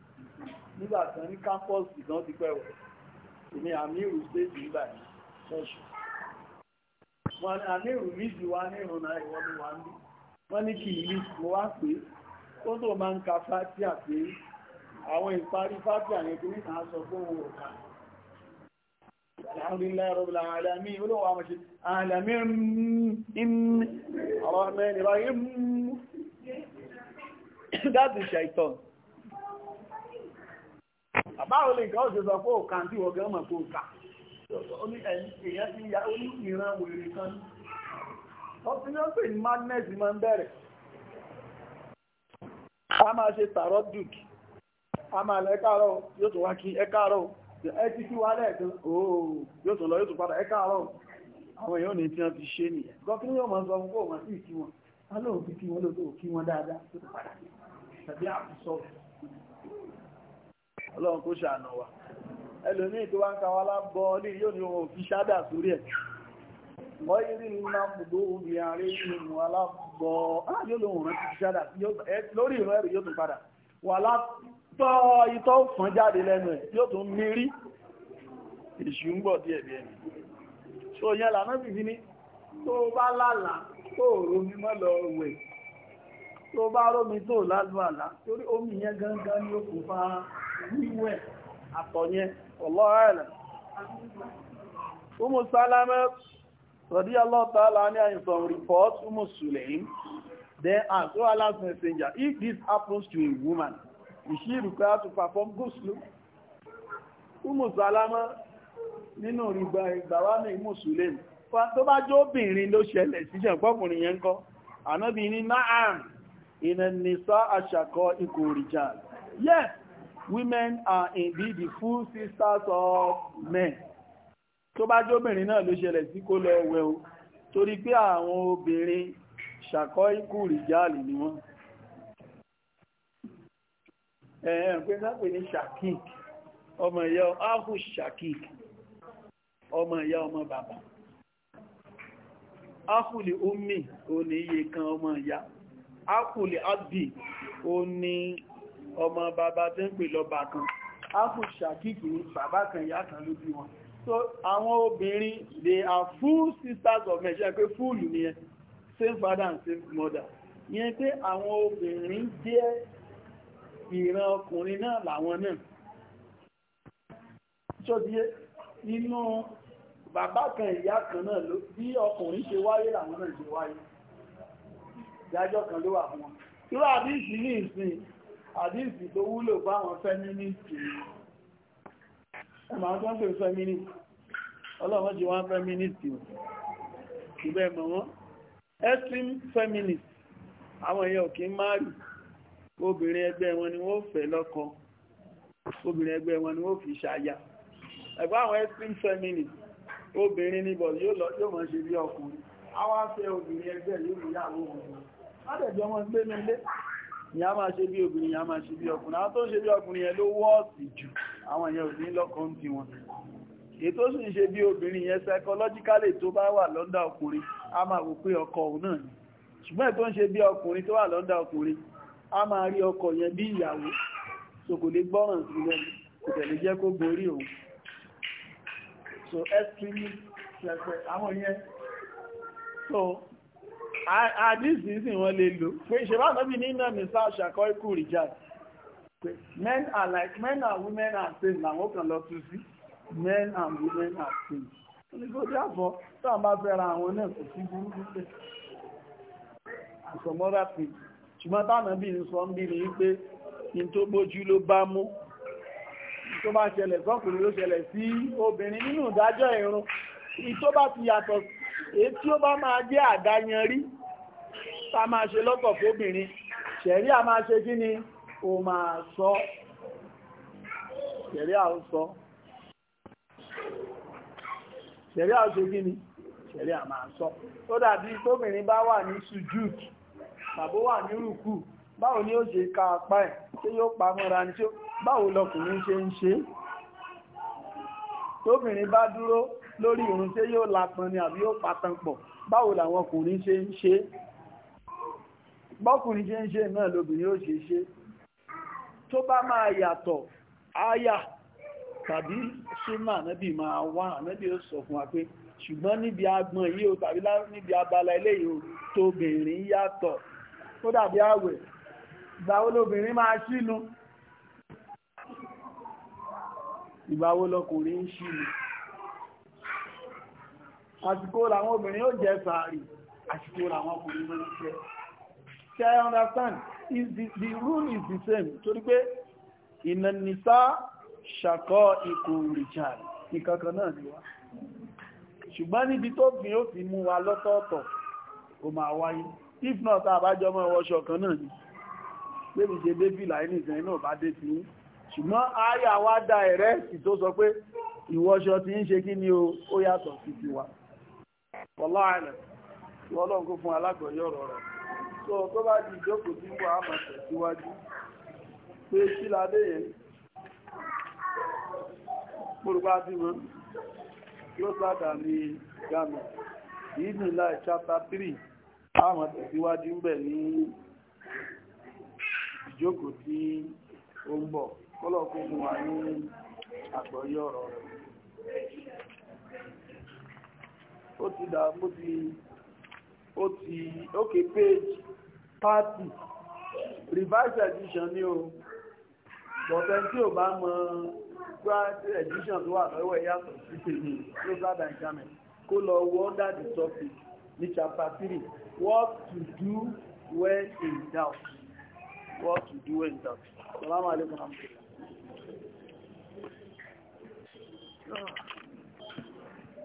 nígbà kan ní kámpọ́ọ̀sì gan ti pẹ́ wọ̀ àmírù stéèjì nígbà yìí ṣọ́ọ̀ṣì wọn àmírù lídìí wa ní ìrùnà ìwọ́lú wa ń bí wọ́n ní kí ìlú mo wá pé ó tó máa ń ka fátíà pé àwọn ìparí fátíà yẹn kí Alamin olóòwò àwọn ṣe Shaitan. àbáwọn lè nǹkan ọ̀sẹ̀ sọ pé òkà tí wọ́n gẹ́ mọ̀ pé èèyàn ti ya wèrè kan ni máa ń bẹ̀rẹ̀ a máa ṣe dùk a máa lọ yóò tún wá kí ẹ̀kàárọ̀ ẹ ti kí wá lẹ́ẹ̀kan ooo yóò tún lọ yóò padà àwọn èèyàn ní tí wọ́n ti ṣe nìyẹn ọlọ́run kó ṣàánà wa ẹlòmíì tó wá ń kawọ́ lábọ́ ní ní ohun fi ṣádà sórí ẹ̀ wọ́n yìí rí nínú omi ààrẹ ìlú alábọ̀ ah, yóò lóhun rántí fi ṣádà lórí ìran yóò tún padà wà tó bá tó torí omi gangan ni ó wíwẹ̀ àtọ̀yẹn ọlọ́rẹ̀lẹ̀ Umu Salama radiyallahu ta'ala anha in some reports Umu Sulaim then as O Allah's messenger if this happens to a woman is she required to perform ghusl Umu Salama nínú ìgbà ìgbàwà ní Umu Sulaim tó bá jẹ́ obìnrin ló ṣẹlẹ̀ síṣẹ̀ pọ́kùnrin yẹn kọ́ ànábi ní náà in a nisa ikò rìjà yes women are indeed the full sisters of men tó bá jóbìnrin náà ló ṣẹlẹ̀ sí kó lọ wẹ̀ o torí pé àwọn obìnrin ṣàkọ́ ikú rìjáàlì ni wọ́n akùlì omi ò iye kan ọmọ ìyá akùlì abi ò ọmọ bàbá tí ń pè lọ́ba kan ápù ṣàkíkì ní bàbá kan ìyá kan ló bí wọn so àwọn obìnrin they are full sisters of men ṣe pé full ni ẹ same father and same mother yẹn pé àwọn obìnrin jẹ́ ìran ọkùnrin náà làwọn náà ṣọ́díé nínú bàbá kan ìyá kan náà ló bí ọkùnrin ṣe wáyé làwọn náà ṣe wáyé ìdájọ́ kan ló wà fún wọn irú àdíṣì ní ìsìn àdíìsì tó wúlò fáwọn fẹ́mínìtì ẹmà tó ń pè fẹ́mínìtì ọlọ́wọ́n jí wọ́n fẹ́mínìtì ìbẹ̀ mọ̀ wọ́n extreme feminist àwọn èèyàn kì í márì obìnrin ẹgbẹ́ wọn ni wọ́n fẹ́ lọ́kọ obìnrin ẹgbẹ́ wọn ni wọ́n fi ṣaya ẹ̀gbọ́n àwọn extreme feminist obìnrin níbọ̀ yóò lọ yóò mọ̀ ṣe bí ọkùnrin àwọn afẹ́ obìnrin ẹgbẹ́ yóò mú yàwó wọn ni a máa ṣe bí obìnrin a máa ṣe bí ọkùnrin a tó ń ṣe bí ọkùnrin yẹn ló wọ́ọ̀sì jù àwọn èèyàn ò ní lọ́kàn tí wọn ètò sì ń ṣe bí obìnrin yẹn psychologically tó bá wà lọ́ndà ọkùnrin a máa wò pé ọkọ òun náà ni ṣùgbọ́n ètò ń ṣe bí ọkùnrin wà lọ́ndà ọkùnrin a máa rí ọkọ yẹn bí ìyàwó so kò lè gbọ́ràn sí lẹ́nu kò tẹ̀lé jẹ́ kó borí òun so àwọn yẹn so àdísì sí wọ́n lè lò pé ṣèbá tọ́bí ní iná mi sáà ṣàkọ́ ikú rìjà men are like men and women are same làwọn kan lọ tún sí men and women are same onígbòdì àfọ́ táwọn bá fẹ́ra àwọn náà kò sí burúkú pé àsọmọ́ra pé ṣùgbọ́n táwọn bí n sọ ń bí ni pé in tó bójú ló bá mú tó bá ṣẹlẹ̀ sọ́kùnrin ló ṣẹlẹ̀ sí obìnrin nínú ìdájọ́ ìrun ìtó bá ti yàtọ̀ èyí tí ó bá máa jẹ́ àdáyanrí tá máa ṣe lọ́tọ̀ fóbìnrin ṣẹ̀rí à máa ṣe kí ni o máa sọ ṣẹ̀rí à ó sọ ṣẹ̀rí à ó ṣe kí ni ṣẹ̀rí a máa sọ tó dàbí tóbìnrin bá wà ní sujud tàbí wà ní rùkù báwo ni ó ṣe ka apá ẹ̀ tí yóò pa mọ́ra ní tí báwo lọkùnrin ṣe ń ṣe tóbìnrin bá dúró lórí ìrun tí yóò lápọn ni àbí yóò patan pọ̀ báwo làwọn ọkùnrin ṣe ń ṣe bọ́kùnrin ṣe ń ṣe náà lóbìnrin ó ṣe ṣe tó bá máa yàtọ̀ áyà tàbí súnà ànábì máa wá ànábì ó sọ fún wa pé ṣùgbọ́n níbi agbọn yìí o tàbí níbi abala eléyìí o tóbìnrin yàtọ̀ tó dàbí àwẹ̀ ìgbàwo lóbìnrin máa ṣínú ìgbàwo lọkùnrin ń ṣínú àsìkò làwọn obìnrin ó jẹ sàárì àsìkò làwọn ọkùnrin ló ń jẹ ṣe i understand is the, the rule is the same torí pé ìnànìsá ṣàkọ́ ikú richard ìkankan náà ni wá ṣùgbọ́n níbi tó fi ó fi mú wa lọ́tọ̀ọ̀tọ̀ kò máa wáyé if not àbájọ mọ́ ìwọṣọ kan náà ni pé mi ṣe débì láì nìkan iná bá dé sí ṣùgbọ́n àyà wá dá ẹ̀rẹ́ sì tó sọ pé ìwọṣọ ti ń ṣe kí ni ó yàtọ̀ sí tiwa pọ̀lá àìlẹ̀ tí ọlọ́run kó fún alágbọ̀yọ̀rọ̀ rẹ̀ tó tó bá di ìjókòó tí wọ́n á máa pé kí ládé yẹn gbòrògbà bí wọn ní láì 3 á máa tẹ̀síwájú ń bẹ̀ ní ìjókòó tí ó ń bọ̀ fún ó ti dààmú ti ó ti ok page party revised edition ni o bọ̀tẹ́ tí ò bá mọ grand edition tó wà lọ́wọ́ yàtọ̀ sí tèmi closer than german kó lọ wonder the topic ní chapter three what to do when in doubt what to do when in doubt. salamu alaikum. Oh.